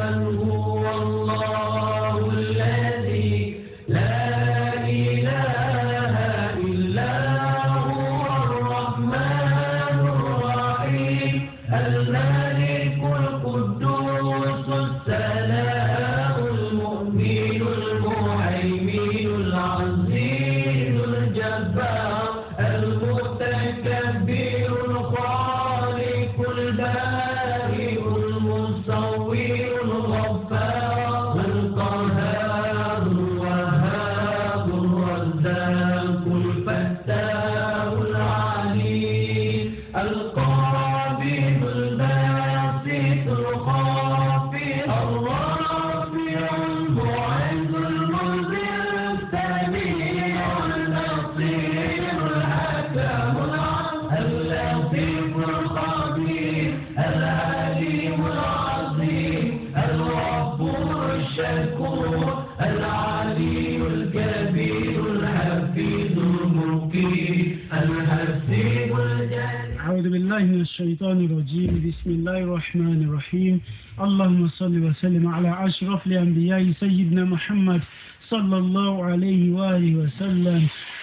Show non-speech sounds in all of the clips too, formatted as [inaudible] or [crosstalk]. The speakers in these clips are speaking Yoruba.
من هو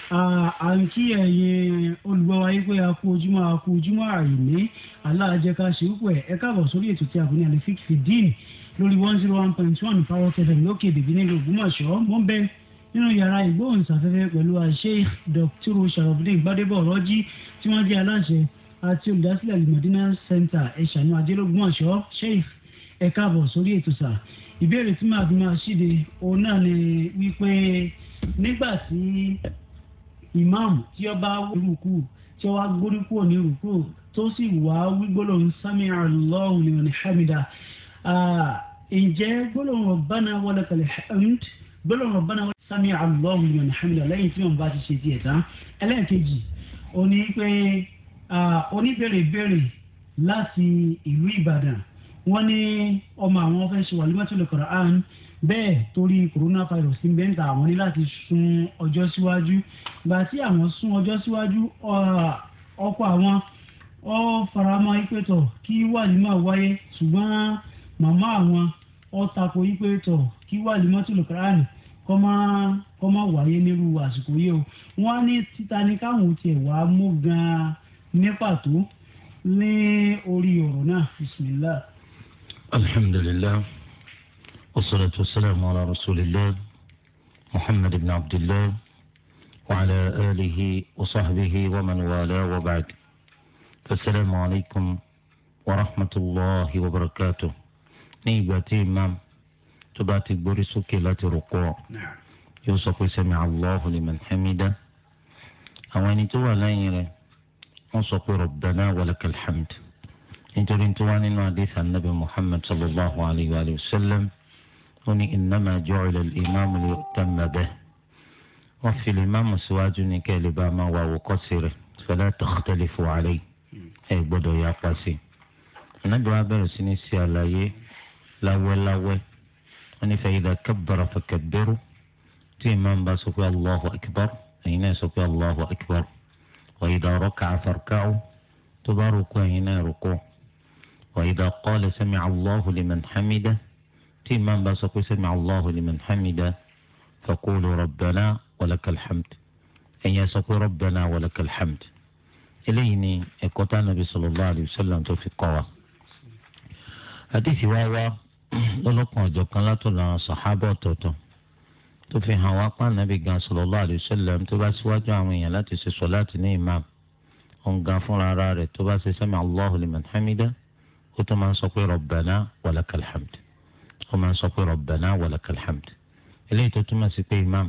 à ń kí ẹ̀yin olùgbọ́ wa yí pé a kú ojúmọ́ a kú ojúmọ́ àìní aláàjẹká ṣèwúpọ̀ ẹ̀ káàbọ̀ sórí ètò tí a kò ní àlẹ́ fíkì fìdíìnì lórí one zero one point one power seven lókè dèbí nílùú Ògbómọ̀ṣọ́ mọ́ bẹ́ẹ̀ nínú yàrá ìgbóhùnsáfẹ́fẹ́ pẹ̀lú àṣẹ dr sharafdin gbadebo ọ̀rọ̀jì tí wọ́n jẹ́ aláṣẹ àti olùdásílẹ̀ alimọ̀dínà center ẹ̀ṣánú adélógún ọ̀ṣọ́ sheikh ẹ káàbọ̀ sórí ètò sà ìbéèrè tí màá fi máa ṣíde òun náà ni wípé nígbà tí ìmáàmù tí ó bá rúkú tí ó wá gbórí kúrò ní rúkú tó sì wá wí gbólóhùn sami Allahu liman hamida ǹjẹ́ gbólóhùn rabbana walakal hamd gbólóhùn rabbana sami Allahu liman hamida lẹ́yìn tí wọ́n bá ti ṣe tiẹ̀ tán ẹlẹ́ẹ̀kejì oní pé oníbèrèbèrè láti ìlú Ìbàdàn wọ́n ní ọmọ àwọn fẹ́ ṣe wàlúmọ́tò lè Kùránì bẹ́ẹ̀ torí coronavirus ń bẹ́ńtà àwọn ní láti sún ọjọ́ síwájú gbà tí àwọn sún ọjọ́ síwájú ọkọ àwọn ọ faramọ́ ìpẹ́tọ̀ kí wàlímà wáyé ṣùgbọ́n màmá àwọn ọ tako ìpẹ́tọ̀ kí wàlímà tó lè káràánì kọ́ máa wáyé nírú àsìkò yìí o wọ́n á ní títa ní káwọn tiẹ̀ wá mú gan-an ní pàtó ní orí ọ̀rọ̀ náà bisimilah. alhamdulilayi. والصلاة والسلام على رسول الله محمد بن عبد الله وعلى آله وصحبه ومن والاه وبعد السلام عليكم ورحمة الله وبركاته نيباتي إمام تباتي بورسوك لا ترقوا يوسف سمع الله لمن حمده أواني توا لين وصف ربنا ولك الحمد انتو انتوا عن النبي محمد صلى الله عليه وآله وسلم wọ́n ní ìnáma jọ́ọ̀lẹ̀ ìmáàmù lè tẹ́ mọ́ bẹ́ẹ̀ wọ́n fi ìmáàmù síwájú ní kẹ́lẹ́ bá máa wà wò kọ́sì rẹ̀ fẹ́lẹ́ tọ́kítẹ́lẹ̀ fún ààrẹ ẹ̀ gbọ́dọ̀ yá pàṣẹ. ànábì wa bẹ̀rẹ̀ sí ní ṣe àlàyé láwẹ́láwẹ́ wọ́n ní fẹ́yìdà kabbara fakabbiru tí ìmáàmù bá sọ pé allahu akbar ẹ̀yin náà sọ pé allahu akbar wàyídà raka'a farka'u tó bá rúkọ ẹ̀yin náà rúkọ wàyídà qala sami'a allahu liman hamidah tí imam bá sọ pé sami'a Allahu liman hamida faqulu rabbana walakal hamd ẹ̀yin sọ pé rabbana walakal hamd eléyìí ni ẹ̀kọ́ tá nàbí sallallahu alayhi wa sallam tó fi kọ́ wa. àdìsí wa wá lọ́lọ́kan ọ̀jọ̀ kan látọ̀dọ̀ àwọn sàhábà ọ̀tọ̀ọ̀tọ̀ tó fi hàn wá pa nàbí gan sallallahu alayhi wa sallam tó bá síwájú àwọn èèyàn láti ṣe sọ̀láàtì ní imam ọ̀ǹgá fúnra ara rẹ̀ tó bá ṣe sami'a Allahu liman hamida ó tó máa ń sọ pé rabbana walakal hamd. kó máa sọ pé rabbana walakal alhamdu eléyìí tó túmọ̀ sí pé imam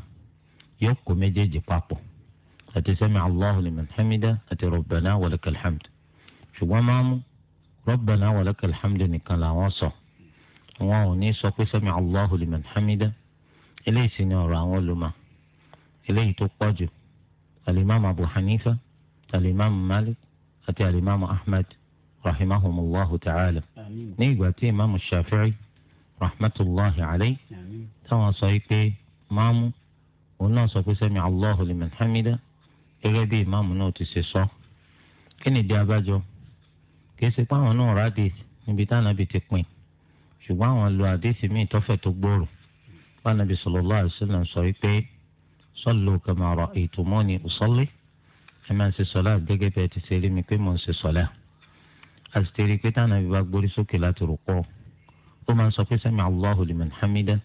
yóò kó méjèèjì papọ̀ àti sẹ́mi Allahu liman hamida àti rabbana walakal alhamdu ṣùgbọ́n máàmú rabbana walakal alhamdu nìkan làwọn sọ wọn ò ní sọ pé sẹ́mi Allahu liman hamida eléyìí sì ni ọ̀rọ̀ àwọn olùmọ̀ eléyìí tó pọ̀ jù alimami abu hanifa alimami malik àti alimami ahmed rahimahumullahu ta'ala ní ìgbà tí imam shafi'i. rahmatulahi alayhi táwọn sọ yìí pé máàmù òun náà sọ pé sami allahu liman hamida gẹ́gẹ́ bí ìmáàmù náà ti ṣe sọ kí nìdí abájọ kìí ṣe pé àwọn náà ráde níbi táwọn àbí ti pin ṣùgbọ́n àwọn lo àdéhìí míì tọ́fẹ̀ tó gbòòrò bá nàbì sallallahu alaihi wasallam sọ yìí pé sọlù kàmàrà ìtùmọ́ni ọ̀sọ́lé ẹ máa ń ṣe sọlá gẹ́gẹ́ bẹ́ẹ̀ ti ṣe rí mi pé mò ń ṣe sọlá àti kó máa sọ pé sami allahu liman hamida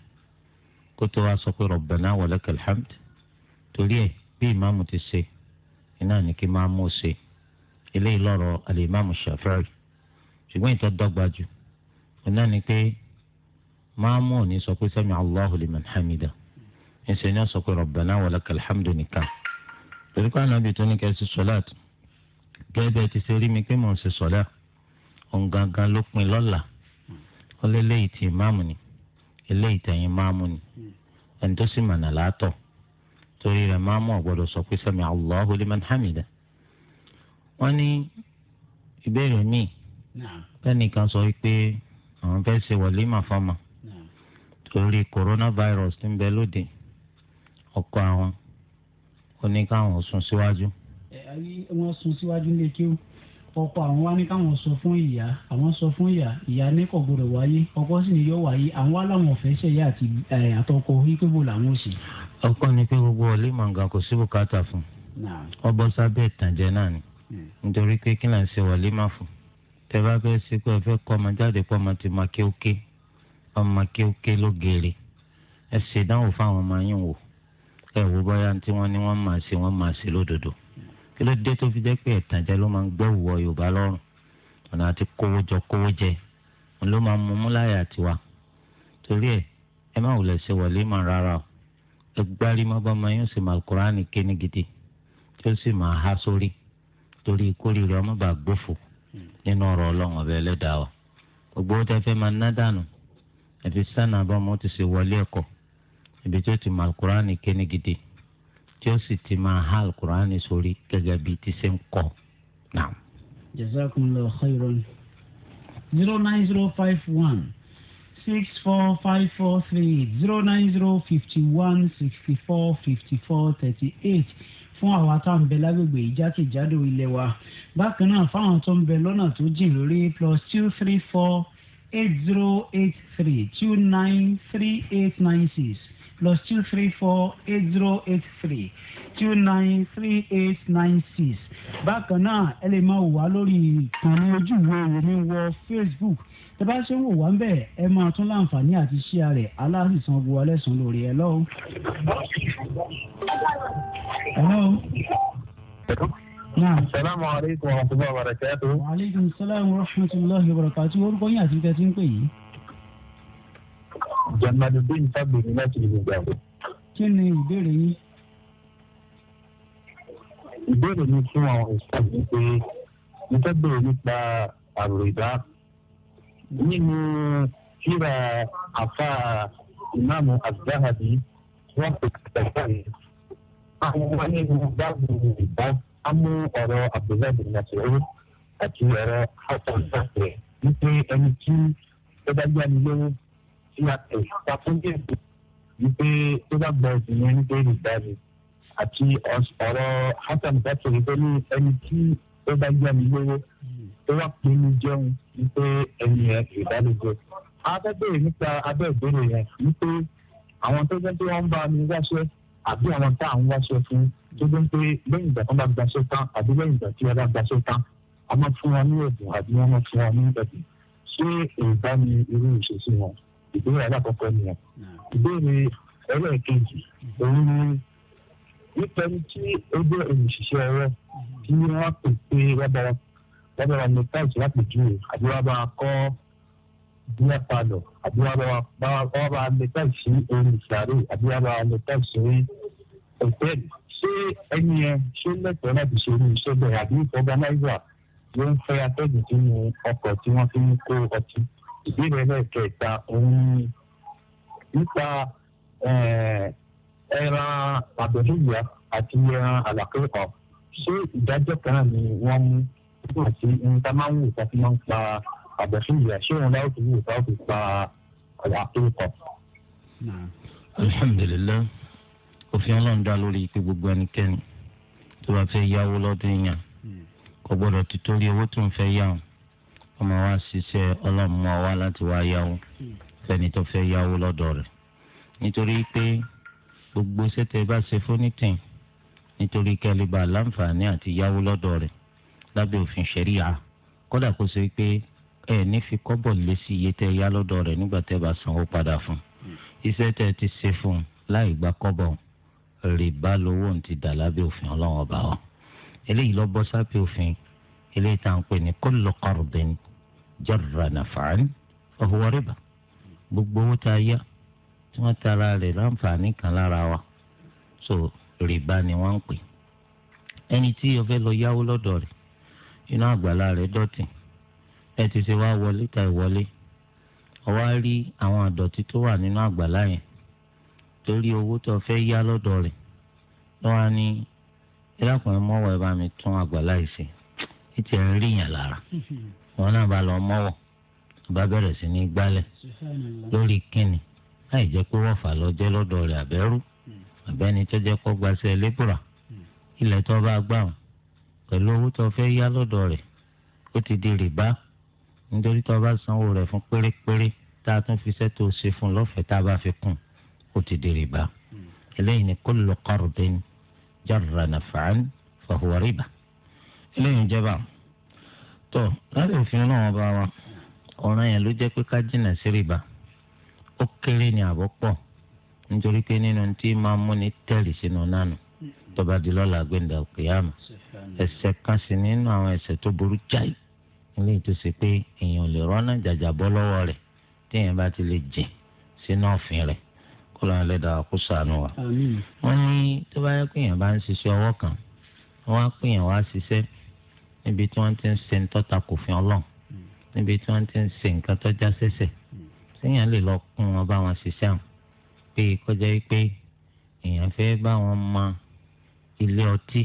kó tó wá sọ pé rabbana walakal hamd torí ẹ̀ bí ìmáàmù ti ṣe iná ní kí máa mú ṣe eléyìí lọ́rọ̀ alimami shafi'i ṣùgbọ́n ìtọ́ dọ́gba jù iná ní pé máàmù ò ní sọ pé sami allahu liman hamida ẹsẹ̀ ní sọ pé rabbana walakal hamd nìkan torí pé ànábì tó ní kẹ́sì sọ́láàtì gẹ́gẹ́ bẹ́ẹ̀ ti ṣe rí mi pé mò ń ṣe sọ́láà òun ló pin lọ́la ó lé léyìí tí ìmáàmù ni eléyìí tẹ̀yìn máàmù ni hmm. mọ̀nà látọ̀ torí ọ̀gbọ́dọ̀ sọ pé sami Allahu hamida wọ́n ní ìbéèrè míì tẹ́nìkan sọ pé àwọn fẹ́ ṣe wọ̀límà fọ́mà torí coronavirus ti ń bẹ lóde ọkọ àwọn oníkàwọn sún síwájú. wọ́n sún síwájú ní ọkọ àwọn wá ní káwọn sọ fún ìyá àwọn sọ fún ìyá ìyá ní kò gbọdọ̀ wáyé ọkọ sì ni yọ wáyé àwọn aláwọn ọ̀fẹ́ ṣẹ̀yà àti àtọkọ wípébò làwọn ò sì. Eh, ọkọ ni pé gbogbo ọ̀lẹ́ nga kò sí bùkátà fún ọbọ̀ sábẹ́ ìtànjẹ náà ni hmm. nítorí pé kí fún tẹ bá ṣe jáde kí ló dé tó fi jẹ́ pé ẹ̀tànjẹ ló máa ń gbọ́ ìwọ yorùbá lọ́rùn ọ̀nà àti kówó jọ kówó jẹ òun ló máa ń mú múláyà tiwa torí ẹ ẹ má wùlẹ̀ ṣe wọlé mà rárá o ẹ gbárí mọ́ yóò sì máa kúránì kíni gidi tí ó sì máa há sórí torí kórìíra ọmọ bá gbófò nínú ọ̀rọ̀ ọlọ́run ọ̀bẹ ẹlẹ́dàá wa gbogbo ó tẹ́fẹ́ máa ná dànù ẹ̀fi sànà bọ́mọ ó ti ṣe wọlé ẹ̀kọ́ ibi tí ó ti máa kúránì kíni gidi tí ó sì ti máa há alukur'ani sórí gẹ́gẹ́ bíi ti ṣe ń kọ́ náà. jazakumullahu khairan zero nine zero five one six four five four three zero nine zero fifty one sixty four fifty four thirty eight fún àwa tá à ń bẹ lágbègbè ìjákèjádò ilé wa bákan náà fáwọn tó ń bẹ lọ́nà tó jìn lórí plus two three four eight zero eight three two nine three eight nine six plus two three four eight zero eight three two nine three eight nine six. bákan náà ẹ lè máa wà lórí ìkànnì ojú ìwé ìròyìn wọ facebook tẹ bá ṣe ń wò wá ń bẹ ẹ máa tún láǹfààní àti ṣíà rẹ aláàfin gbogbo alẹ́sàn lórí ẹ lọ́wọ́. hello. Salaamu aleykum wa rahmatulahi wa barakatuhu. Wa aleykum salaam wa rahmatulahi wa barakatuhu. Orúkọ yín àti ìtẹ̀sí ń pè yìí jamaludin fagbemi láti ìlú gbàgbọ́. kí ni ìbéèrè yín. ìbéèrè mi fún àwọn ìsọ̀rọ̀ ni pé mo fẹ́ bèrè nípa àròyìnbá nínú kíra àfa ìmáàmù àbúdáhàbí wọn kò tẹ̀sán yìí. àwọn ọmọ nínú báàbù ìbá á mú ọ̀rọ̀ àbúdáhàbí nàṣẹ́ owó àti ọ̀rọ̀ àtọ̀nṣàṣẹ́ wípé ẹni tí ó bá gbani lówó sí àtẹ ìtàkùnjẹ̀sì wípé tó bá gba ẹ̀sìn yẹn ní déèrè dáre àti ọ̀rọ̀ hasan bàtìrì tó ní ẹni tí ó bá jẹ́ mi lówó tó wá pè mí jẹun wípé ẹni yẹn ìdálójọ. afẹ́bẹ̀rẹ̀ nípa abẹ́ ìbéèrè yẹn wípé àwọn tó jẹ́ pé wọ́n ń bá mi wáṣẹ́ àbí àwọn tá à ń wáṣẹ́ fún tó jẹ́ pé lẹ́yìn ìgbà tó bá gbaṣẹ́ tán àbí lẹ́yìn ìgbà tí wọ́n bá gbaṣẹ́ tán a máa fún wọn ní ẹ̀bùn àbí wọ́n máa fún wọn ní ẹ̀bùn ṣé èyí bá irú ìṣesí wọn ìbéèrè alákọ̀ọ́kọ́ nìyẹn hmm. ìbéèrè ẹlẹ́ẹ̀kejì òun ni nípa ẹni tí ó jẹ́ olùṣiṣẹ́ ọ̀rọ̀ tí wọ́n pè pé rábàrà rábàrà ní táìsì lápèjúwe àbí rábàrà kọ́ bíyà palọ̀ àbí rábàrà ní táìsì orí ìsàrè àbí rábàrà ní táìsì orí ẹ̀tẹ́ẹ̀lì ṣé ẹni yẹn ṣé lẹ́tọ̀ọ́ láti ṣe irú iṣẹ́ bẹ́ẹ̀ àbí ìfọ̀gánáìzà ló ń fẹ́ atẹ́gùn sínú ọkọ̀ tí wọ́n fi ń kó ọtí ìbéèrè ẹlẹ́kẹta òun nípa eh, ẹran àbẹ̀lẹ́yà àti ẹran àlàkẹ́kọ̀ọ́ ṣé ìdájọ́ kan ni wọ́n mú nígbà tí níta máa ń wò tá fi máa ń pa àbẹ̀lẹ́yà ṣé òun láwùjọ wò tá ó fi pa àlàkẹ́kọ̀ọ́. alhamdulilayi òfin ọlọ́run dá lórí pé gbogbo ẹnikẹ́ni tó bá fẹ́ yáwó lọ́dún yàn hmm. kò gbọ́dọ̀ ti torí owó tó ń fẹ́ yà máa wá ṣiṣẹ́ ọlọ́run máa wá láti wá yáwó fẹ́ni tó fẹ́ yáwó lọ́dọ̀ rẹ̀ nítorí pé gbogbo sẹ́tẹ̀ bá ṣe fúnitìn nítorí kẹ́líbà láǹfààní àti yáwó lọ́dọ̀ rẹ̀ lábẹ́ òfin ṣẹ̀ríà kódà kó ṣe pé ẹ ní fi kọ́bọ̀ lé sí iye tẹ́ yá lọ́dọ̀ rẹ̀ nígbà tẹ́ bá sanwó padà fún iṣẹ́ tẹ́ ti ṣe fún láì gba kọ́bọ̀ rìbá lówó ń ti dà lábẹ́ òfin ọlọ́run ọba wa eléyìí lọ bọ́ sábẹ́ òfin eléyìí tá pè ní kullu jarra naf'an fahuwa riba gbogbo owó tá a yá tí wọ́n tara rẹ̀ láǹfààní kan lára wa so rìbá ni wọ́n ń pè ẹni tí o fẹ́ lọ yáwó lọ́dọ̀ rẹ̀ iná àgbàlá rẹ̀ dọ̀tí ẹ ti ṣe wá wọlé ta ìwọlé ọwá rí àwọn àdọ̀tí tó wà nínú àgbàlá yẹn torí owó tó fẹ́ yá lọ́dọ̀ rẹ̀ lọ́wọ́ ni ẹlẹ́kùnrin mọ́wọ́ ẹ bá mi tún àgbàlá yìí ṣe ètò ẹ̀ ń ríyàn lára [laughs] wọn náà bá lọ mọ́wọ́ bá bẹ̀rẹ̀ sí ní gbálẹ̀ lórí kínni láì jẹ́ pé wọ́n fà lọ́jẹ́ lọ́dọ̀ rẹ̀ àbẹ́rú àbẹ́ni tó jẹ́ kó gbaṣẹ́ lébùrà ilẹ̀ tó bá gbà wọn pẹ̀lú owó tó fẹ́ yá lọ́dọ̀ rẹ̀ ó ti di rìbá nítorí tó bá sanwó rẹ̀ fún pérépéré tá a tún fi sẹ́tò ṣe fún lọ́fẹ̀ẹ́ tá a bá fi kún ó ti di rìbá eléyìí ni kullu qardin jarra naf'an fa huwa riba eléyìí jẹ́ báwọn. tọ́ lábẹ́ òfin náà bá wa ọ̀ràn yẹn ló jẹ́ pé ká jìnnà sí rìbá ó kéré ní àbọ̀ pọ̀ nítorí pé nínú tí máa na tẹ̀lé sínú nánu tọba di lọ́la gbẹ̀ndà òkèèyàn ẹ̀ṣẹ̀ kan sí nínú àwọn ẹ̀ṣẹ̀ tó burú jáì nílé pé èèyàn lè rọ́nà lọ́wọ́ rẹ̀ tí èèyàn bá ti lè jìn sínú ọ̀fìn rẹ̀ kó lọ́n kó sànù wa. wọ́n ní tó bá yẹ èèyàn bá ń ṣiṣẹ́ ọwọ́ kan wọ́n á pè èèyàn wá ṣiṣẹ́ níbi tí wọ́n ti ń ṣe tọ́ta kò fi ọlọ́run níbi tí wọ́n ti ń ṣe nǹkan tó já sẹ́sẹ̀ séèyàn lè lọ kún wọn bá wọn ṣiṣẹ́ àwọn pé kọjá pé èèyàn fẹ́ bá wọn mọ ilé ọtí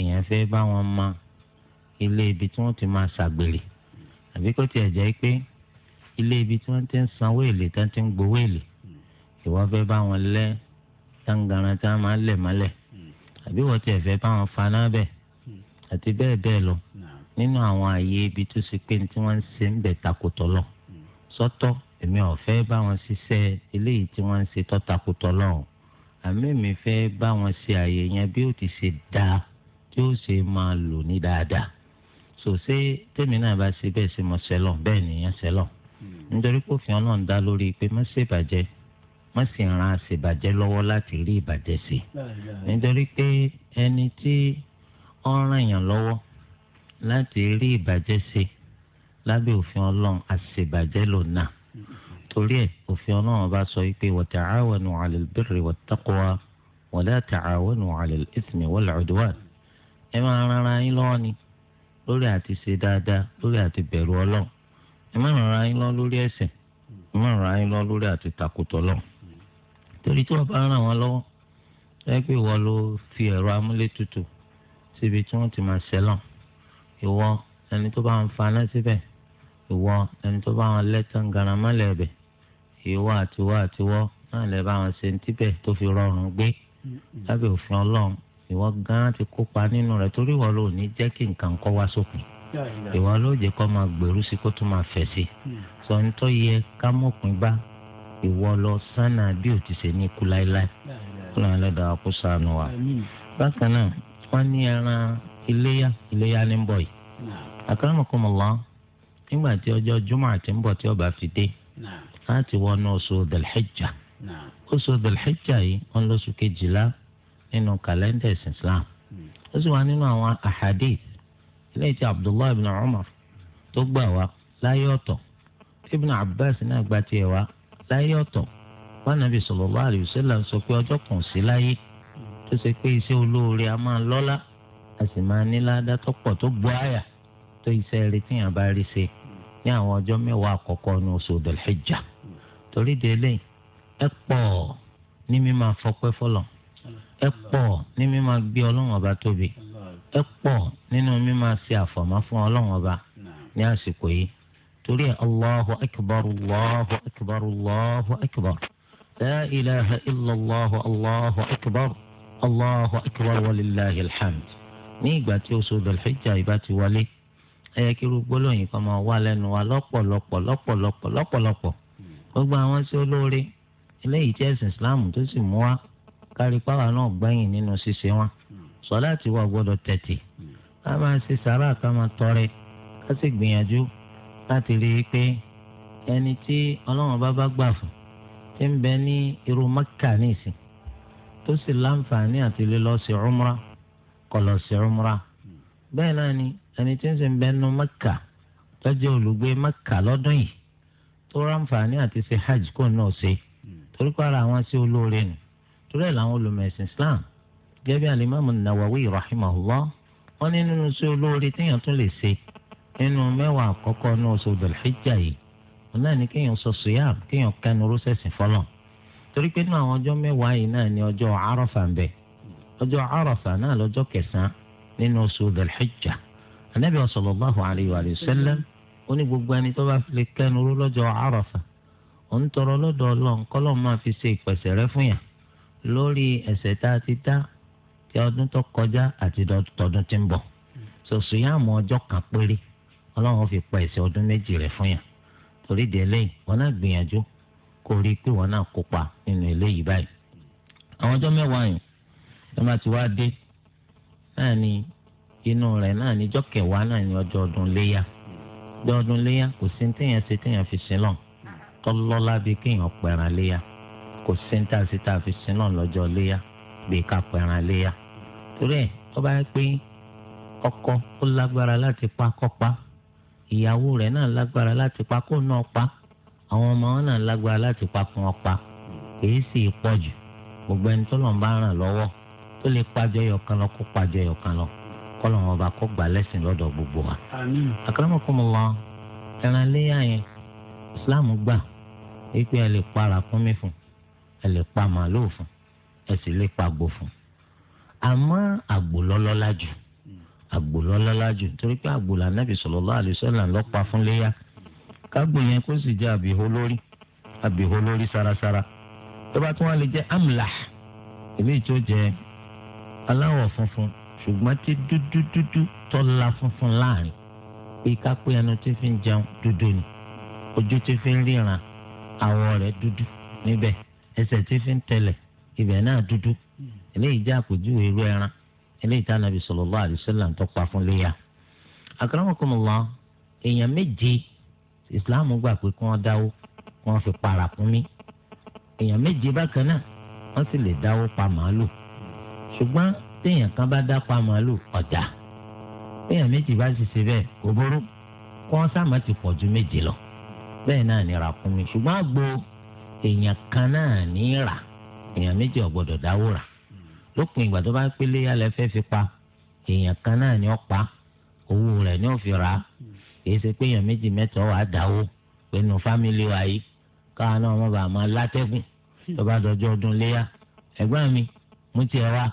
èèyàn fẹ́ bá wọn mọ ilé ibi tí wọ́n ti máa ṣàgbèrè àbí kó tiẹ̀ jẹ́ pé ilé ibi tí wọ́n ti ń sanwó èlé tí wọ́n ti ń gbowó èlé ìwọ fẹ́ bá wọn lẹ́ tangaran tí wọ́n máa lẹ̀ mọ́lẹ̀ àbí wọ́n tiẹ̀ fẹ́ bá wọn faná bẹ́ẹ̀ àti bẹ́ẹ̀ bẹ́ẹ̀ lọ nínú àwọn ààyè ibi tó ṣe pé tí wọ́n ń ṣe ń bẹ̀ takòtọ̀ lọ hmm. sọ́tọ̀ èmi ò fẹ́ bá wọn ṣiṣẹ́ eléyìí tí wọ́n ń ṣe tọ́ takòtọ̀ lọ àmì mi fẹ́ bá wọn ṣe ààyè yẹn bí ó ti ṣe dáa tí ó ṣe máa lò ní dáadáa sòṣé tèmi náà bá ṣe bẹ́ẹ̀ ṣe mọ̀ ṣẹlọ̀ bẹ́ẹ̀ nìyẹn ṣẹlọ̀ hmm. nítorí pé òfin ọlọ́run dá lórí pé má ṣe ìbàjẹ́ má sì ran àṣebàjẹ́ lọ́wọ́ láti rí ìbàjẹ́ sí nítorí pé ẹni tí ó ń ràn yàn lọ́wọ́ láti rí ìbàjẹ́ ṣe lábẹ́ òfin ọlọ́run àṣebàjẹ́ lò náà torí ẹ̀ òfin ọlọ́run bá sọ pé wa ta'awanu 'ala al-birri wat-taqwa wa la ta'awanu 'ala al-ithmi wal-'udwan ẹ máa ran ara yín lọ́wọ́ ni lórí àti ṣe dáadáa lórí àti bẹ̀rù ọlọ́run ẹ máa ran yín lọ́wọ́ lórí ẹ̀ṣẹ̀ ẹ máa ran yín lọ́wọ́ lórí àti takùtọ̀ lọ torí tí wọ́n bá ràn wọ́n lọ́wọ́ síbi tí wọ́n ti máa ṣẹlọ̀ ìwọ ẹni tó bá wọn faná síbẹ̀ ìwọ ẹni tó bá wọn lẹ́tàn garama lẹ́bẹ̀ ìwọ àtiwọ àtiwọ náà lẹ́ bá wọn ṣe níbẹ̀ tó fi rọrùn gbé mm-hmm. lábẹ́ òfin ọlọ́run ìwọ gan ti kópa nínú rẹ̀ torí ìwọ ló ní jẹ́ kí nǹkan kọ́ wá sópin ìwọ ló jẹ́ kó máa gbèrú sí kó tún máa fẹ̀ sí mm. sọ ní tó yẹ ká mọ̀pin bá ìwọ lọ sánà bí ò ti ṣe ní ikú láéláé kó ẹlẹ́dàá kó sànù wa bákan náà wọ́n ní ẹran iléyà iléyà ní bọ̀ yìí. akramakumullah nígbà tí ọjọ́ ati àti ń bọ̀ tí ó bá fi dé láti wọnú oṣù dàlhẹ́jà oṣù dàlhẹ́jà yìí wọ́n lóṣù kejìlá nínú kàlẹ́ndà ẹ̀sìn islam hmm. ó sì wà nínú àwọn ahadith ilé abdullahi ibn umar tó gbà wá láyé ọ̀tọ̀ ibn abbas náà gba tiẹ̀ wá láyé ọ̀tọ̀ wọn nàbì sallallahu alaihi sọ pé ọjọ́ kan sí láyé tó ṣe pé iṣẹ́ olóore a máa lọ́lá a sì máa ní ládàá tó pọ̀ tó bu àyà tó iṣẹ́ rẹ̀ tíyàn bá rí ṣe ní àwọn ọjọ́ mẹ́wàá àkọ́kọ́ ní oṣù dọ̀lẹ́jà torí délé ẹ pọ̀ ní mi máa fọpẹ́ fọlọ́ ẹ pọ̀ ní mi máa gbé ọlọ́run ọba tóbi ẹ pọ̀ nínú mi ṣe àfọ̀mọ́ fún ọlọ́run ọba ní àsìkò yìí torí ẹ allahu akbar allahu akbar allahu akbar la ilaha illallah allahu akbar allahu akbar walillahi alhamd ní ìgbà tí oṣù dọ̀lẹ́jà ìbá ti wọlé ẹ yẹ kí irú gbólóyìn kan máa wá lẹ́nu wa lọ́pọ̀lọpọ̀ lọ́pọ̀lọpọ̀ lọ́pọ̀lọpọ̀ gbogbo àwọn tí ó lóore eléyìí tí ẹ̀sìn islam tó sì mú wa kárí páwa náà gbẹ̀yìn nínú ṣíṣe wọn sọlá ti wà gbọdọ̀ tẹ̀tì ká máa ṣe sàrà ká máa tọrẹ ká sì gbìyànjú láti rí i pé ẹni tí ọlọ́run bá bá gbà fún ti ń bẹ ní irú mẹ́kà ní ìsìn tó sì láǹfààní àti lè lọ sí umra kó lọ sí umra bẹ́ẹ̀ náà ni ẹni tí ń sìn bẹ́nu mẹ́kà lọ́jọ́ olùgbé mẹ́kà lọ́dún yìí tó ráǹfààní àti ṣe hajj kò náà ṣe torí pé ara àwọn sí olóore nù torí ẹ̀ làwọn olùmẹ̀sìn islam gẹ́gẹ́ alimami nawawi rahimahullah wọ́n ní nínú sí olóore téèyàn tún lè ṣe nínú mẹ́wàá àkọ́kọ́ náà oṣù dul yìí wọn náà kéèyàn sọ torí pé náà àwọn ọjọ́ mẹ́wàá yìí náà ni ọjọ́ àròfà ń bẹ ọjọ́ àròfà náà lọ́jọ́ kẹsàn-án nínú oṣù dàlhíjà anabi sallallahu alayhi wa sallam ó ní gbogbo ẹni tó bá lè kẹnu ró lọ́jọ́ àròfà ó ń tọrọ lọ́dọ̀ ọlọ́run kọ́lọ́ máa fi ṣe ìpẹ̀sẹ̀ rẹ fún yàn lórí ẹ̀ṣẹ̀ tá a ti dá ti ọdún tó kọjá àti tọdún tí ń bọ̀ sòsò yá kó rí pé wọn náà kópa nínú eléyìí báyìí àwọn ọjọ́ mẹ́wàá yìí tó bá ti wá dé náà ni inú rẹ̀ náà ni ọjọ́ kẹwàá náà ni ọjọ́ ọdún léyà ọjọ́ ọdún léyà kò sí téèyàn ṣe téèyàn fi sin lọ tọ́lọ́lá bí kéèyàn pẹ̀ràn léyà kò sí tá a ṣe tá a fi sin lọ lọ́jọ́ léyà bí ká pẹ̀ràn léyà torí ẹ̀ tó bá yẹ pé ọkọ ó lágbára láti pa kọ́ pa ìyàwó rẹ̀ náà lágbára láti pa kó náà pa àwọn ọmọ wọn náà lágbára láti pa kún ọpa èyí sì pọ̀ jù gbogbo ẹni tó lọ́n bá ràn lọ́wọ́ tó lè pàjọ ẹyọkan lọ kó pàjọ ẹyọkan lọ kọ́ lọ́n ọba kó gbà lẹ́sìn lọ́dọ̀ gbogbo wa. akramakumullah ẹran léyà yẹn islam gbà wípé ẹ lè pa ràkúnmí fún ẹ lè pa màálù fún ẹ sì lè pa àgbò fún àmọ́ àgbò lọ́lọ́lá jù àgbò lọ́lọ́lá jù torí pé àgbò lànà Ànábì sallallahu alaihi wasallam kágbó yẹn kó sì jẹ́ àbíhó lórí àbíhó lórí sarasara tó bá tún wá lè jẹ́ amla èmi funfun ṣùgbọ́n tí dúdúdúdú tọla funfun láàrin ìka pé ẹnu tí fi ń jẹun dúdú ni ojú tí fi ń ríran àwọ̀ rẹ̀ dúdú níbẹ ẹsẹ tí fi ń tẹ̀lẹ̀ náà dúdú eléyìí àpèjúwe irú ẹran eléyìí islam gbà pé kí wọ́n dáwó kí wọ́n fi para kún mi èèyàn méje bákan náà wọ́n sì lè dáwó pa màálù ṣùgbọ́n téèyàn kan bá dá pa màálù ọ̀dà téèyàn méjì bá sì ṣe bẹ́ẹ̀ kò burú kí wọ́n sàmọ́ ti pọ̀ ju méje lọ bẹ́ẹ̀ náà ní ràkúnmí ṣùgbọ́n àgbo èèyàn kan náà ní rà èèyàn méjì ò gbọ́dọ̀ dáwó rà lópin ìgbà tó bá pélé yálẹ̀ fẹ́ fi pa èèyàn kan náà ní ó pa owó rẹ̀ ní ó fi rà kìí ṣe pé èèyàn méjì mẹ́ta wàá dáwó pẹ̀lú fámìlì wa yìí káwọn náà wọ́n bá máa látẹ́gùn tó bá dọjọ́ ọdún léyà ẹ̀gbọ́n mi mú tiẹ̀ wá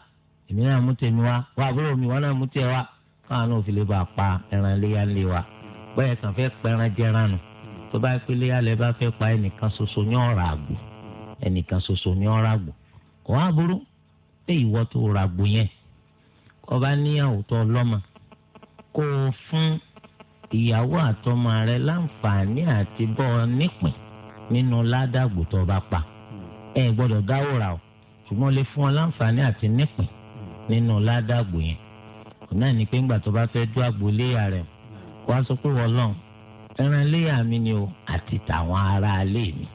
èmi náà mú tèmi wá wá àbúrò mi wọ́n náà mú tiẹ̀ wá káwọn náà fi lè bá a pa ẹran léyà lé wa bẹ́ẹ̀ kàn fẹ́ pẹran jẹran nù tó bá pé léyà lẹ́ bá fẹ́ pa ẹnìkan ṣoṣo ní ọ̀rọ̀ àgbò ẹnìkan ṣoṣo ní ọ̀rọ̀ àgbò kò wá burú pé ìwọ tó ra àgbò yẹn kó bá níyàwó tó lọ́mọ kó fún ìyàwó àtọmọ rẹ láǹfààní àti bọ́ ọ nípìn nínú ládàgbò tó bá pa hmm. ẹ gbọ́dọ̀ dáwọ́ ra o ṣùgbọ́n lè fún ọ láǹfààní àti nípìn hmm. nínú ládàgbò yẹn náà ni pé ńgbà tó bá fẹ́ dú àgbò léyà rẹ hmm. wá sọ pé wọ́n lọ́n ẹran léyà mi ni o àti tàwọn ará ilé mi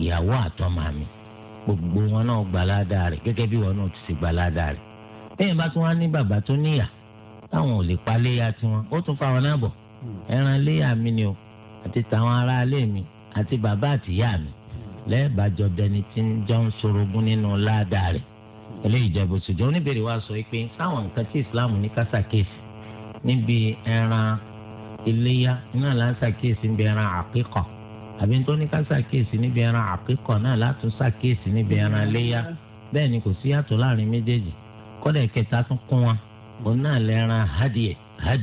ìyàwó àtọmọ mi gbogbo wọn náà gbà ládàá rẹ gẹ́gẹ́ bí wọn náà ti ṣe gbà ládàá rẹ bẹ́ẹ̀ bá tún wá ní bàbá tó níyà táwọn ò lè pa léyà tiwọn ó tún fa wọn náà bọ̀ ẹran léyà mi ni o àti tàwọn ará ilé mi àti bàbá àtìyá mi lẹ́ẹ̀bàjọ́ dẹni tí ń jọ ń sorogún nínú ládàá rẹ̀ eléyìí jẹ́ bó oníbèrè wa sọ pé sáwọn nǹkan tí Islam ní ká níbi ẹran iléyà níbi ẹran àkíkọ̀ àbí tó ní níbi ẹran àkíkọ̀ náà látún níbi ẹran bẹ́ẹ̀ ni kò sí yàtọ̀ láàrin méjèèjì kọ́dà kẹta tún kún wa òun náà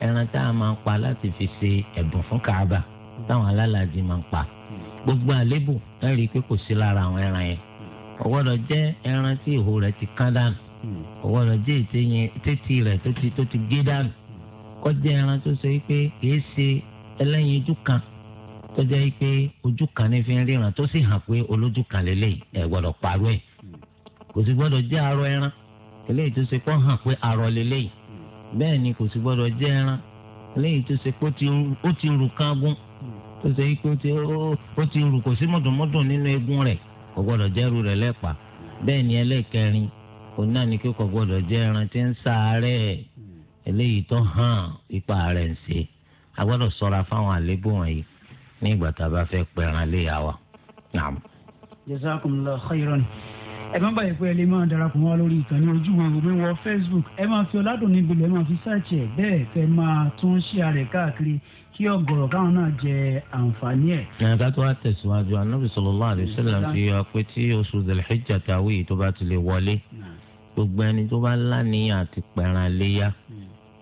ẹran tá a máa ń pa láti fi ṣe ẹ̀bùn fún Kaaba táwọn alálàájì máa ń pa gbogbo àlébù ẹ rí i pé kò sí lára àwọn ẹran yẹn ó jẹ́ ẹran tí ìhò rẹ̀ ti kán dànù jẹ́ ètètì rẹ̀ tó ti gé dànù ẹran tó sọ kìí ṣe ẹlẹ́yin ojú kan ojú kan ní fi ń ríran tó sì hàn pé olójú arọ ẹran eléyìí tó ṣe hàn pé arọ lélẹ́yìn bẹ́ẹ̀ ni kò sì gbọ́dọ̀ jẹ́ ẹran léyìí tó ṣe pé ó ti rù kángun tó ṣe pé ó ti rù kò sí mọ̀dùnmọ́dùn nínú eegun rẹ̀ kò gbọ́dọ̀ jẹ́rù rẹ̀ lẹ́pa bẹ́ẹ̀ ni ẹlẹ́kẹrin òun náà ni kò gbọ́dọ̀ jẹ́ ẹran tí ń ṣàárẹ̀ eléyìí tó hàn ipa rẹ̀ ń ṣe a gbọ́dọ̀ ṣọ́ra fáwọn àlébù wọ̀nyí ní ìgbà tá a bá fẹ́ pẹran léyàwó. Naam. Jazakumullahu khairan ẹ má bàyẹ̀ pé ẹ lè máa darapọ̀ mọ́ lórí ìkànnì ojúmọ́ ìwé wọ facebook ẹ máa fi ọ̀làdùn níbi ilẹ̀ máa fi ṣáàtì ẹ̀ bẹ́ẹ̀ fẹ́ máa tún ṣí ààrẹ káàkiri kí ọ̀gọ̀rọ̀ káwọn náà jẹ àǹfààní ẹ̀. nàìjíríà tó wá tẹ̀síwájú anábì sallallahu alaihi wasallam fi hàn pé tí oṣù Dhul-Hijjah tàwí tó bá ti lè wọlé gbogbo ẹni tó bá láníyàn àti pẹ̀ràn léyà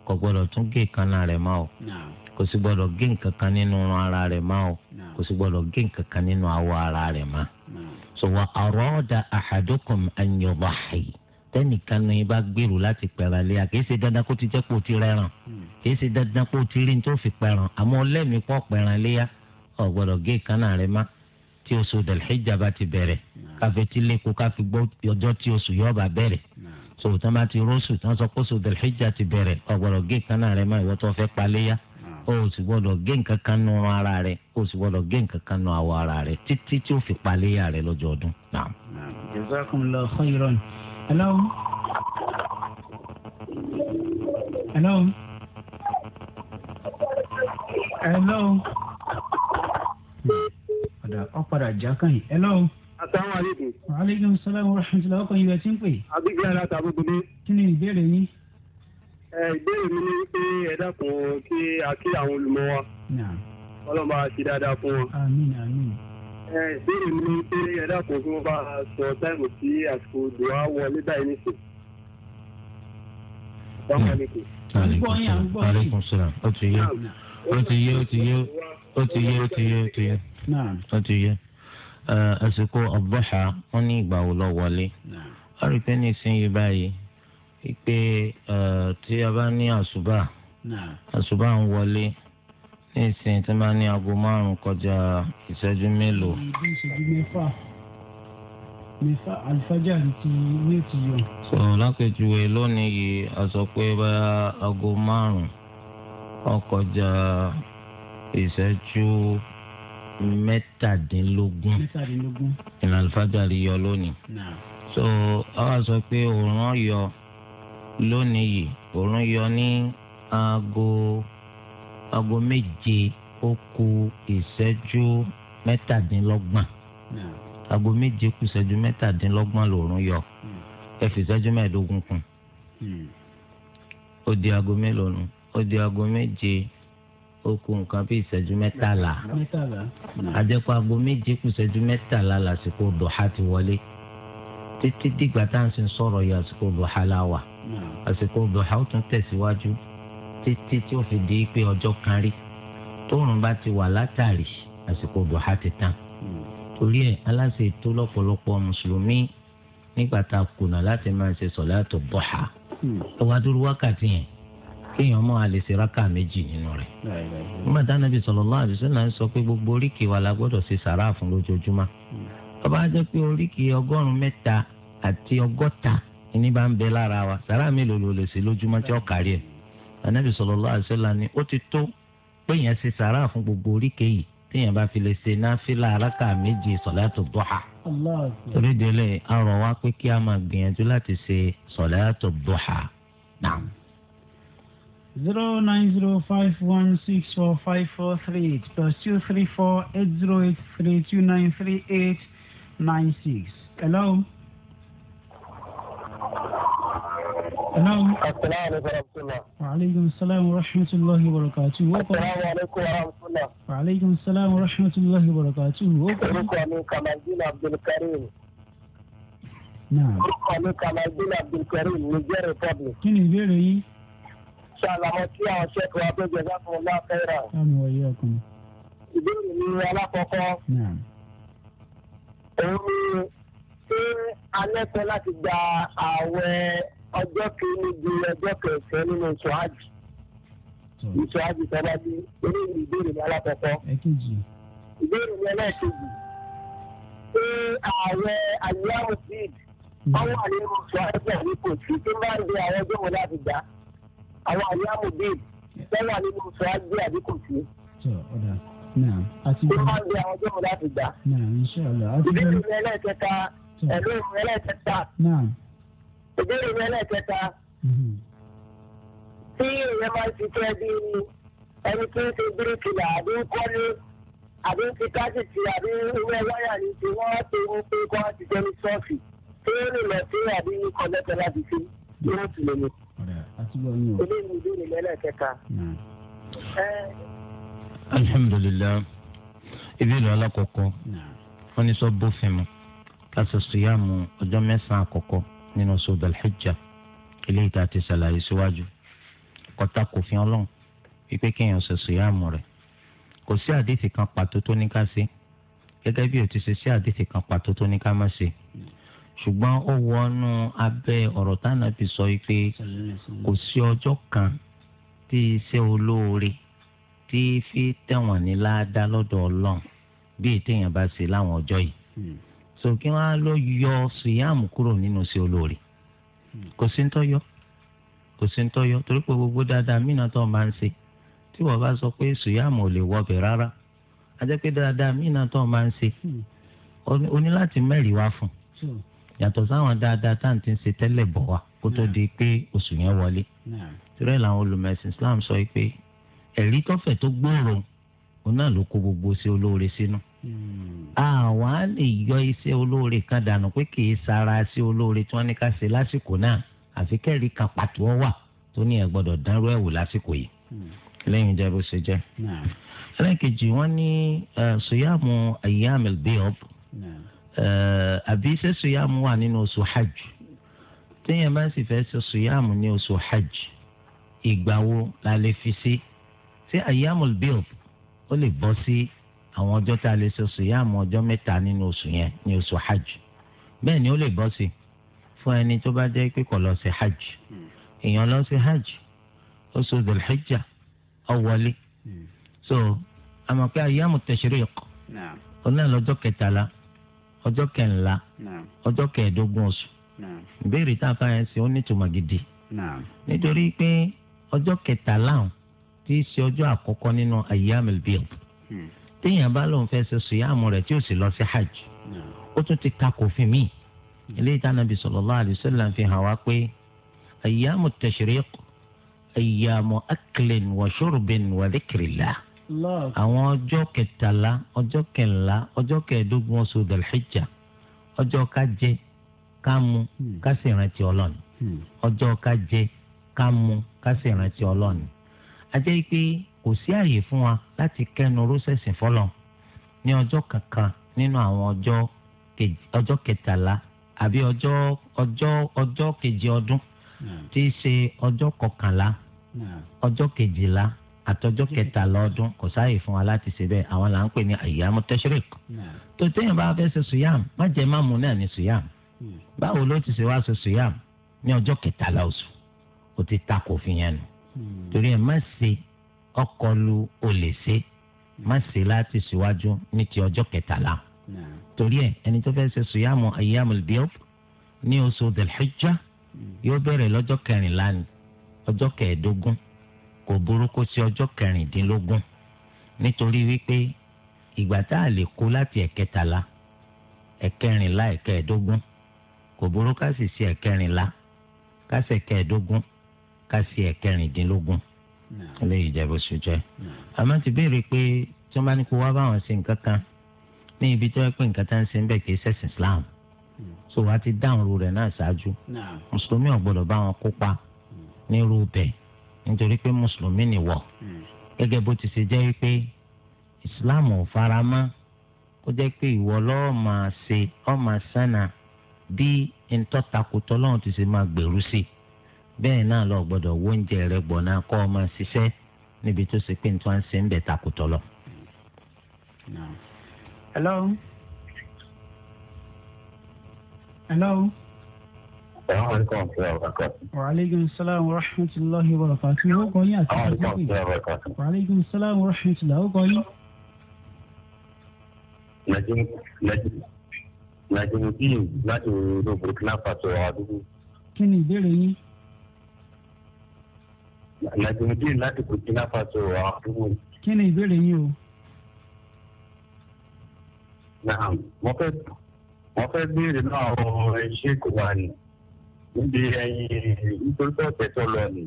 kò gbọ́dọ̀ tún gé ìkànnà rẹ̀ máa o kò sì gbọ́dọ̀ gé nǹkan kan nínú ara rẹ̀ máa o kò sì gbọ́dọ̀ gé nǹkan kan nínú awọ ara rẹ̀ máa sọ̀wọ́ àrọ́ọ̀dà àhàdókòm ẹ̀yọ̀bàhì tẹ́nìkan ní bá gbèrú láti pẹ̀rẹ̀ lé kìí ṣe dandan kó ti jẹ́ kó ti rẹ̀ràn kìí ṣe dandan kó ti rí ní tó fi pẹ̀ràn àmọ́ lẹ́mìí pọ̀ pẹ̀rẹ̀ léyà ọ̀gbọ́dọ̀ gé kánà rẹ̀ má tí oṣù dẹ̀lẹ́jà bá ti bẹ̀rẹ̀ káfí tí lẹ́kọ̀ọ́ káfí gbọ́ ọjọ́ tí oṣù yóò bá bẹ̀rẹ̀ sòwòtán bá ti róṣù tán sọ pé oṣù dẹ̀lẹ́jà ti bẹ̀rẹ̀ ọ̀gbọ́dọ̀ gé kánà rẹ̀ má ìwọ́tọ́ fẹ́ paléyà o sì gbọ́dọ̀ gé nǹkan kan nu ara rẹ o sì gbọ́dọ̀ gé nǹkan kan nu awọ ara rẹ títí tí ó fi paléyà rẹ lọ́jọ́ ọdún. jazakumullahu khairan. hello. hello. hello. ọ̀dà ọ̀padà jákàyìn. hello. asalaamualeykum. waaleykum salaam wa rahmatulah ọkàn yìí ẹ ti ń pè. àbíkí ara tàbí gbòde. kí ni ìbéèrè yín ìbéèrè mi ni pé ẹ dákun kí a kí àwọn olùmọ̀ wa ọlọ́mọ àti dáadáa fún wọn. àmín àmín. ìbéèrè mi ni pé ẹ dákun kí wọ́n bá sọ táìmù sí àsìkò dùá wọlé báyìí nìkan. Gbọ́ yà ń gbọ́ yìí. Ó ti yé O ti yé ó ti yé o ti yé ó ti yé ó ti yé ó ti yé àsìkò ọ̀bọ̀ṣà wọn ní ìgbà wo lọ wọlé. Wọ́n rí pé ní ìsinyìí báyìí pé tí a bá ní àṣùbà àṣùbà ń wọlé ní ìsìn tí wọ́n ní aago márùn-ún kọjá ìṣẹ́jú mélòó. ìdí ìṣẹ́jú mẹ́fà mẹ́fà àlùfájà ti ní ìtìyọ. sọ̀rọ̀ lápẹ̀jùwe lónìí yìí a sọ pé báyà aago márùn ọkọjá ìṣẹ́jú mẹ́tàdínlógún ìlànà àlùfájà yọ lónìí. so àwa sọ pé òòrùn yọ lónìí yìí òòrùn yọ ní aago aago méje ó kù ìṣẹ́jú mẹ́tàdínlọ́gbọ̀n hmm. aago méje kù ìṣẹ́jú mẹ́tàdínlọ́gbọ̀n lòòrùn yọ hmm. ẹ fi ìṣẹ́jú mẹ́ẹ̀ẹ́dógún kù hmm. ó di aago mélòó nu ó di aago méje ó kù nǹkan bí ìṣẹ́jú mẹ́tàlá àjẹpọ̀ aago méje kù ìṣẹ́jú mẹ́tàlá lásìkò dọ̀há ti wọlé títí dìgbà tá à ń sin sọ̀rọ̀ yìí àsìkò dọ̀há la wà. àsìkò dùhà ó tún tẹ̀síwájú títí tí ó fi di pé ọjọ́ kan rí tóòrùn bá ti wà látàrí àsìkò dùhà ti tán torí ẹ aláṣẹ ètò lọ́pọ̀lọpọ̀ mùsùlùmí nígbà tá a kùnà láti máa ṣe sọ̀láàtù dùhà wá dúró wákàtí yẹn kéèyàn mọ rákà méjì nínú nígbà tá sọ pé gbogbo wa la gbọ́dọ̀ ṣe fún lójoojúmọ́ ọba jẹ́ pé ọgọ́rùn kíní bá ń bẹ lára wa sàrà mi lòlò lè ṣe lójúmọ́ tí ó kárí ẹ̀ anabi sallallahu alaihi wasallam ni ó ti tó pé yẹn ṣe sàrà fún gbogbo oríkèyìí téèyàn bá fi lè ṣe náfìlà arákà méjì sọ̀láàtù dùhà. torí délé arọ wa pé kí a máa gbìyànjú láti ṣe sọ̀láàtù dùhà náà. zero nine zero five one six four five four three eight plus two three four eight zero eight three two nine three eight nine six. Naam. Asalaamu alaykum wa aleykum salaam wa rahmatulahi wa barakatu. Asalaamu alaykum wa rahmatulah. Wa aleykum salaam wa rahmatulahi wa barakatu. Orúkọ mi Kamaldin Abdulkareem. Naam. Orúkọ mi Kamaldin Abdulkareem Niger Republic. Kí ni ìbéèrè yìí? Ṣàlàmọ́ kí àwọn ṣẹ́kù wa tó jẹ sáfún ọlá fẹ́ràn. Káàmì wọ̀nyí ọkùnrin. Ìbéèrè mi alákọ̀ọ́kọ́. Naam. Òun ni ṣé alẹ́ tẹ́ láti gba àwẹ̀ ọjọ́ kìíní di ọjọ́ kẹsàn-án nínú oṣù hajj oṣù hajj sábà ní eléyìí ìbéèrè ní alákọ̀ọ́kọ́ ìbéèrè ní ẹlẹ́ẹ̀kejì pé ààrẹ hmm. àyẹ̀wò seed wọ́n wà nínú oṣù hajj ní kò sí tó bá ń de àwọn ọjọ́ mọ́ láti gbà àwọn àyẹ̀wò bíi wọ́n wà nínú oṣù hajj àbí kò sí. tó bá ń de àwọn ọjọ́ mọ́ láti gbà. ìbéèrè ní ẹlẹ́ẹ̀kẹta ẹ̀lú ẹlẹ́ẹ̀kẹta ìbéèrè mi ẹlẹ́kẹta mm-hmm. tí èèyàn máa ń ṣiṣẹ́ bí ẹni tí ń ṣe bíríkìlà àbí ń kọ́lé àbí ń fi káṣìtì àbí ewé wáyà ní ti wọ́n ṣe ń pé kí wọ́n ti jẹ́ ní ṣọ́ọ̀fì tí ó lè lọ sí àbí kọ̀lẹ́tẹ̀ láti fi bí wọ́n lè lò. eléyìí ni ìbéèrè mi ẹlẹ́kẹta. Mm. alhamdulilayi ìbéèrè alákọ̀ọ́kọ́ mm. wọ́n ní sọ bófin mu láti ọjọ́ mẹ́sàn-án àkọ́kọ́ nínú sọdọ̀l hijja eléyìí tá a ti ṣàlàyé síwájú kọta kò fi ọlọ́run wípé kéèyàn ṣe síyàmù rẹ̀ kò sí àdìsí kan pàtó tó ní ká ṣe gẹ́gẹ́ bí o ti ṣe sí àdìsí kan pàtó tó ní ká má ṣe ṣùgbọ́n ó wọnú abẹ́ ọ̀rọ̀ táwọn fi sọ wípé kò sí ọjọ́ kan tí iṣẹ́ olóore tí fi tẹ̀wọ̀n ní láàdá lọ́dọ̀ ọlọ́run bí ètèèyàn bá ṣe láwọn ọjọ́ yìí so kí wọn á lọ yọ síyàmù kúrò nínú sí olóore hmm. kò sí ń tọyọ kò sí ń tọyọ torí pé gbogbo dáadáa mìíràn tó máa ń ṣe tí wọn bá sọ pé síyàmù ò lè wọbẹ rárá a jẹ́ pé dáadáa mìíràn tó máa ń ṣe o hmm. ní láti mẹ́rìí wá fún hmm. yàtọ̀ sáwọn dáadáa tá à ń ti ṣe tẹ́lẹ̀ bọ̀ wá kó tó di pé oṣù yẹn wọlé torí làwọn olùmẹ̀sìn Islam sọ pé ẹ̀rí tọ́fẹ̀ tó gbòòrò òun náà ló kó gbogbo sí olóore sínú àwa lè yọ iṣẹ́ olóore kan dànù pé kì í sara sí olóore tí wọ́n ní ká ṣe lásìkò náà àfi kẹ́rì kan pàtó ọ wà tó ní ẹ gbọ́dọ̀ dánrú ẹ̀ wò lásìkò yìí lẹ́yìn jẹ́ bó ṣe jẹ́. ẹlẹ́kejì wọ́n ní sọ̀yàmù ayyamil biyad àbí ṣé sọ̀yàmù wà nínú oṣù hajj téèyàn bá sì fẹ́ ṣe sọ̀yàmù ní oṣù hajj ìgbà wo la lè fi sí ṣé ayyamul biyad ó lè bọ́ sí àwọn ọjọ́ tá a lè ṣe sùyàmù ọjọ́ mẹ́ta nínú oṣù yẹn ní oṣù hajj bẹ́ẹ̀ ni ó lè bọ́ sí fún ẹni tó bá jẹ́ pé lọ sí hajj èèyàn lọ sí hajj oṣù so àmọ́ pé ayyamu tashriq ọ̀nà lọ́jọ́ kẹtàlá ọjọ́ kẹńlá ọjọ́ kẹẹ̀ẹ́dógún oṣù ìbéèrè tá a fà yẹn sí ó ní tòmọ̀ gidi nítorí pé ọjọ́ kẹtàlá tí í ṣe ọjọ́ àkọ́kọ́ nínú téèyàn bá lóun fẹ́ ṣe sùyàmù rẹ̀ tí ó sì lọ sí hajj ó tún ti ka kòfin míì eléyìí tá nàbì sallallahu alaihi wasallam fi hàn wá pé ayyamu tashriq ayyamu aklin wa shurbin wa dhikrillah àwọn ọjọ́ kẹtàlá ọjọ́ kẹńlá ọjọ́ kẹẹ̀ẹ́dógún oṣù dàlhíjà ọjọ́ ká jẹ ká mu ọjọ́ ká jẹ ká mu ká hmm. pé kò sí àyè fún wa láti kẹnu rósẹ̀sìn fọlọ̀ ní ọjọ́ kankan nínú àwọn ọjọ́ kẹtàlá àbí ọjọ́ ọjọ́ ọjọ́ kejì ọdún hmm. tí í ṣe ọjọ́ kọkànlá hmm. ọjọ́ kejìlá àtọjọ́ hmm. kẹtàlá ọdún kò sáàyè fún wa láti ṣe bẹ́ẹ̀ àwọn là ń pè ní àyàmú tẹsírìk tó téèyàn bá fẹ́ ṣe sùyàm má jẹ má mu náà ní sùyàm báwo ló ti ṣe wá ṣe sùyàm ní ọjọ́ kẹtàlá oṣù ó ti ta kò fi yẹn nù torí ẹ má ṣe ọkọlu olè ṣe má ṣe láti síwájú ní ti ọjọ́ kẹtàlá torí ẹ ẹni tó fẹ́ ṣe sùyàmù ayyamul bid ní oṣù delhijja yóò bẹ̀rẹ̀ lọ́jọ́ kẹrìnlá ni ọjọ́ kẹẹ̀ẹ́dógún kò burú kó sí ọjọ́ kẹrìndínlógún nítorí wípé ìgbà tá a lè kó láti ẹ̀kẹtàlá ẹ̀kẹrìnlá ẹ̀kẹẹ̀dógún kò burú ká sì sí ẹ̀kẹrìnlá ká sì ẹ̀kẹrìndínlógún eléyìí jẹ́ bó ṣe jẹ́ àmọ́ ti béèrè pé tí wọ́n bá ní kó wá báwọn ṣe nǹkan kan ní ibi tó yẹ pé nǹkan tá ṣe ń bẹ̀ kì í ṣẹ̀sìn Islam hmm. so wàá ti dáhùn ru rẹ̀ náà ṣáájú mùsùlùmí ò gbọ́dọ̀ bá wọn kópa hmm. ní irú bẹ́ẹ̀ nítorí pé mùsùlùmí ni wọ̀ hmm. gẹ́gẹ́ bó ti ṣe jẹ́ wípé Islam ò fara mọ́ ó jẹ́ pé ìwọ lọ́ọ́ máa ṣe ọ́ máa sánà bí ntọ́takùtọ́ lọ́hùn ti ṣe máa gbèrú sí i bẹ́ẹ̀ náà lọ gbọ́dọ̀ wo oúnjẹ rẹ gbọ̀nà kọ́ ọ máa ṣiṣẹ́ níbi tó ṣe pé nítorí ṣe ń bẹ̀ takùtọ̀ lọ. hello. hello. Wàhálẹ́gùn sálàm rahmatulahi wa barakatuh. Ó kọ́ yín àti ìdílé. Wàhálẹ́gùn sálàm rahmatulahi ó kọ́ yín. Nàìjíríà láti orí Burkina Faso àdúgbò. Kí ni ìbéèrè yín? Najimudin láti Burkina Faso àwọn àdúgbò. Kí ni ìbéèrè yín o? Naam, mo fẹ́ mo fẹ́ béèrè náà ọ̀rọ̀ ẹ̀ṣẹ́ kò wá ní. Níbi ẹyin nítorí pé ọ̀sẹ̀ tó lọ ni.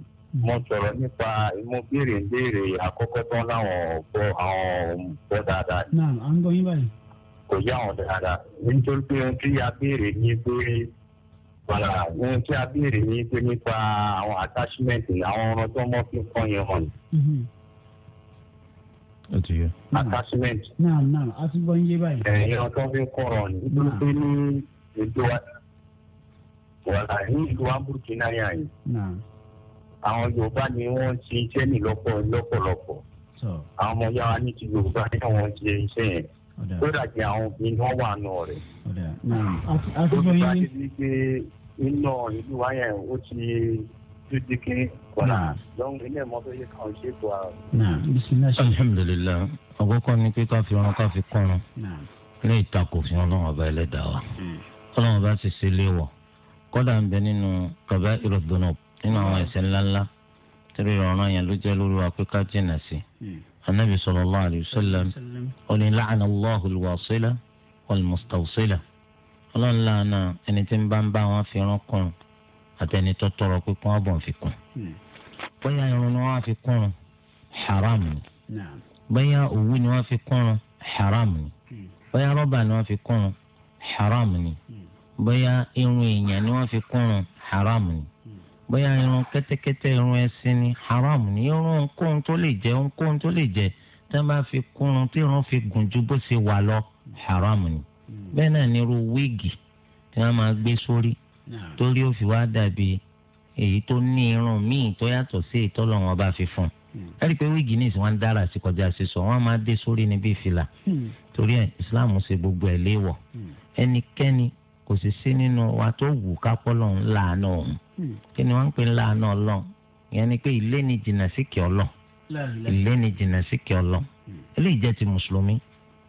Mo sọ̀rọ̀ nípa mo béèrè béèrè àkọ́kọ́ tán láwọn ọ̀bọ àwọn ọ̀bọ dáadáa. Naam, à ń gbọ́ yín báyìí. Kò yá àwọn dáadáa. Nítorí pé ohun tí a béèrè ni pé padà ohun tí a béèrè ní pé nípa àwọn attachment àwọn ọ̀rọ̀ tó mọ́ fi kọ́ yẹn hàn. Mhm. attachment. náà náà a ti gbọ́ iye báyìí. ẹ̀yin ọ̀tọ́ fi kọ̀rọ̀ ní pé ní ètò wàhálà ní ìlú Burkina yìí àwọn Yorùbá ni wọ́n ti iṣẹ́ ní lọ́pọ̀lọpọ̀ àwọn ọmọ yàrá ní ti Yorùbá ní àwọn ti iṣẹ́ yẹn kódà kí àwọn obìnrin wọn wà nù rẹ̀. ó ti bá ti di pé iná ìlú wa yẹn ó ti dídí kiri kọ́ra dọ́n ilé mọ́tò yìí kan ṣe kọ́ ara. alhamdulilayi àkọ́kọ́ ni pé ká fi ọ̀run ká fi kọ́run ní ìtakò fún ọlọ́run ọba ẹlẹ́dàá wa hmm. ọlọ́run ọba ti ṣe léwọ̀ kọ́dà ń bẹ nínú kaba ìrọ̀dùnà nínú àwọn hmm. ẹ̀ṣẹ̀ ńláńlá torí ọ̀ràn yẹn ló jẹ́ lórí wa pé ká jìnà sí i hmm. anabi sallallahu alayhi wa sallam Allah. ní la'ana Allahu al-wasila wal-mustawsila ọlọ́run lànà ẹni tí ń bá ń bá wọn fi rán kùn àtẹni tó tọrọ pé kí wọ́n bọ̀ fi kùn. Hmm. bóyá irun ni wọ́n fi kùn haram ni bóyá òwú ni wọ́n fi kùn haram ni hmm. bóyá rọ́bà ni wọ́n fi kùn haram ni hmm. bóyá irun èèyàn ni wọ́n fi kùn haram ni bóyá irun kẹ́tẹ́kẹ́tẹ́ irun ẹṣin ni haram ni irun ohunkóhun tó lè jẹ ohunkóhun tó lè jẹ tí wọ́n bá fi kùn tí irun fi gùn ju bó ṣe wà lọ haram ni bẹ́ẹ̀ náà ni irú wíìgì tí wọ́n máa gbé sórí torí ó fi wá dàbí èyí tó ní irun míì tó yàtọ̀ sí èyí tó lọ́wọ́n bá fi fún un hmm. ẹ̀rí pé wíìgì ní ìsìn wọn dára sí kọjá sísọ wọn máa dé sórí ní fìlà hmm. torí ẹ̀ Islam ṣe gbogbo ẹ̀ léèwọ̀ hmm. ẹnikẹ́ni kò sì sí nínú wa tó wù kápọ́ lọ́hùn láàánú òun kí ni wọ́n ń pè láàánú ọlọ́hùn ìyẹn ni pé ilé ni jìnnà síkì ọlọ́hùn ilé ni jìnnà síkì ọlọ́hùn eléyìí jẹ́ ti mùsùlùmí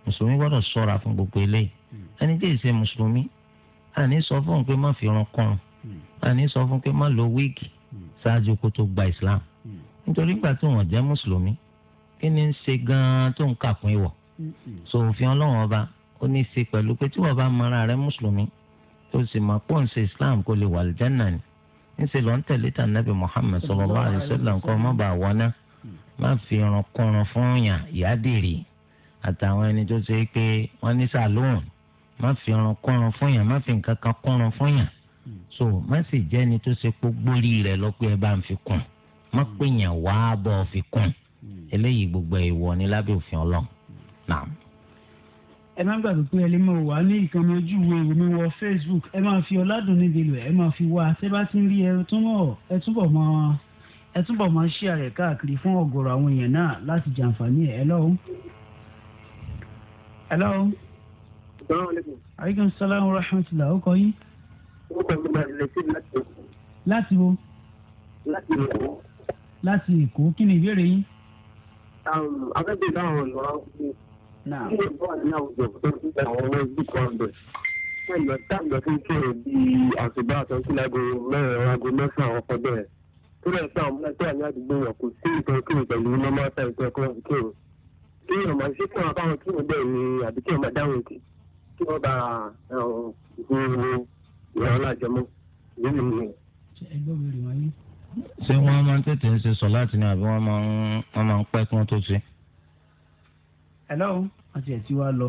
mùsùlùmí gbọ́dọ̀ ṣọ́ra fún gbogbo eléyìí hmm. ẹni tí èsè mùsùlùmí àní sọ fún un pé má fi irun kọrùn àní hmm. sọ fún un pé má lo wíìgì hmm. ṣáájú kó tó gba islam nítorí gbà tí wọ́n jẹ́ mùsùlùmí kí ni ń ṣe gan-an tó ń kàkún ìwọ so òfin Ọlọ́run ọba ó ní í ṣe pẹ̀lú pé tí wọ́n bá mara rẹ̀ mùsùlùmí tó sì máa pọ̀ ń ṣe islam kó lè wà lìjánà ni ńṣe lọ́n tẹ̀lé tà nàbì Muhammad sallallahu alaihi wasallam nǹkan ọmọ bá wọná má fi irun kọrùn fún yàn yá dèrè àtàwọn ẹni tó ṣe pé wọ́n ní sàlóhùn má fi ọrùn kọ́rùn fún yàn má fi nǹkan kan kọ́rùn fún yàn so má sì jẹ́ ẹni tó ṣe pé gbórí rẹ̀ lọ pé ẹ bá ń fi kùn má hmm. pè yàn wá bọ̀ fi kùn hmm. eléyìí gbogbo ìwọ ni lábẹ́ òfin ọlọ́run náà ẹ má gbàgbé pé ẹlẹ́ máa wà ní ìkànnì ojú ìwé ìròmí wọ facebook ẹ máa fi ọ̀làdùn níbi ìlú ẹ máa fi wá ṣé bá ti ń rí ẹrù túnbọ̀ ẹ túnbọ̀ máa ẹ túnbọ̀ máa ṣí àrẹ̀ káàkiri fún ọ̀gọ̀rọ̀ àwọn èèyàn náà láti jàǹfààní ẹ lọ́wọ́ hello. salaamaleykum. aleykum salaam wa rahmatulah ó kọ yín. ó kọ mi bá ilé síbi láti èkó. láti wo. láti èkó. láti èkó kí ni ìbéèrè yín. akẹ́kọ̀ọ́ ìdáhùn ọ̀nà ọ̀hún. náà. kí ni bọ́ọ̀ ní àwùjọ tó ń tẹ àwọn ọmọ ẹgbẹ́ kan bẹ̀? pẹ̀lú táàgbà tó ń kéré bíi àṣùbà àtọ́sí láago mẹ́rin aago mẹ́fà ọkọ̀ bẹ́ẹ̀. tó rẹ̀ sáà mú ẹgbẹ́ àní àdúgbò yàn kò sí ìtọ́jú pẹ̀lú normal pé ọmọ ṣé kí wọn bá wọn kírun bẹ́ẹ̀ ni àbí kí wọn bá dáhùn um, ètè kí wọn bá ìgboro ìyàwó lájọmọ ìlú mi. ṣé wọ́n máa ń tètè ṣe sọ láti ní àbí wọ́n máa ń pẹ́ kí wọ́n tó ṣe. hello àti ẹ̀ tí wàá lọ.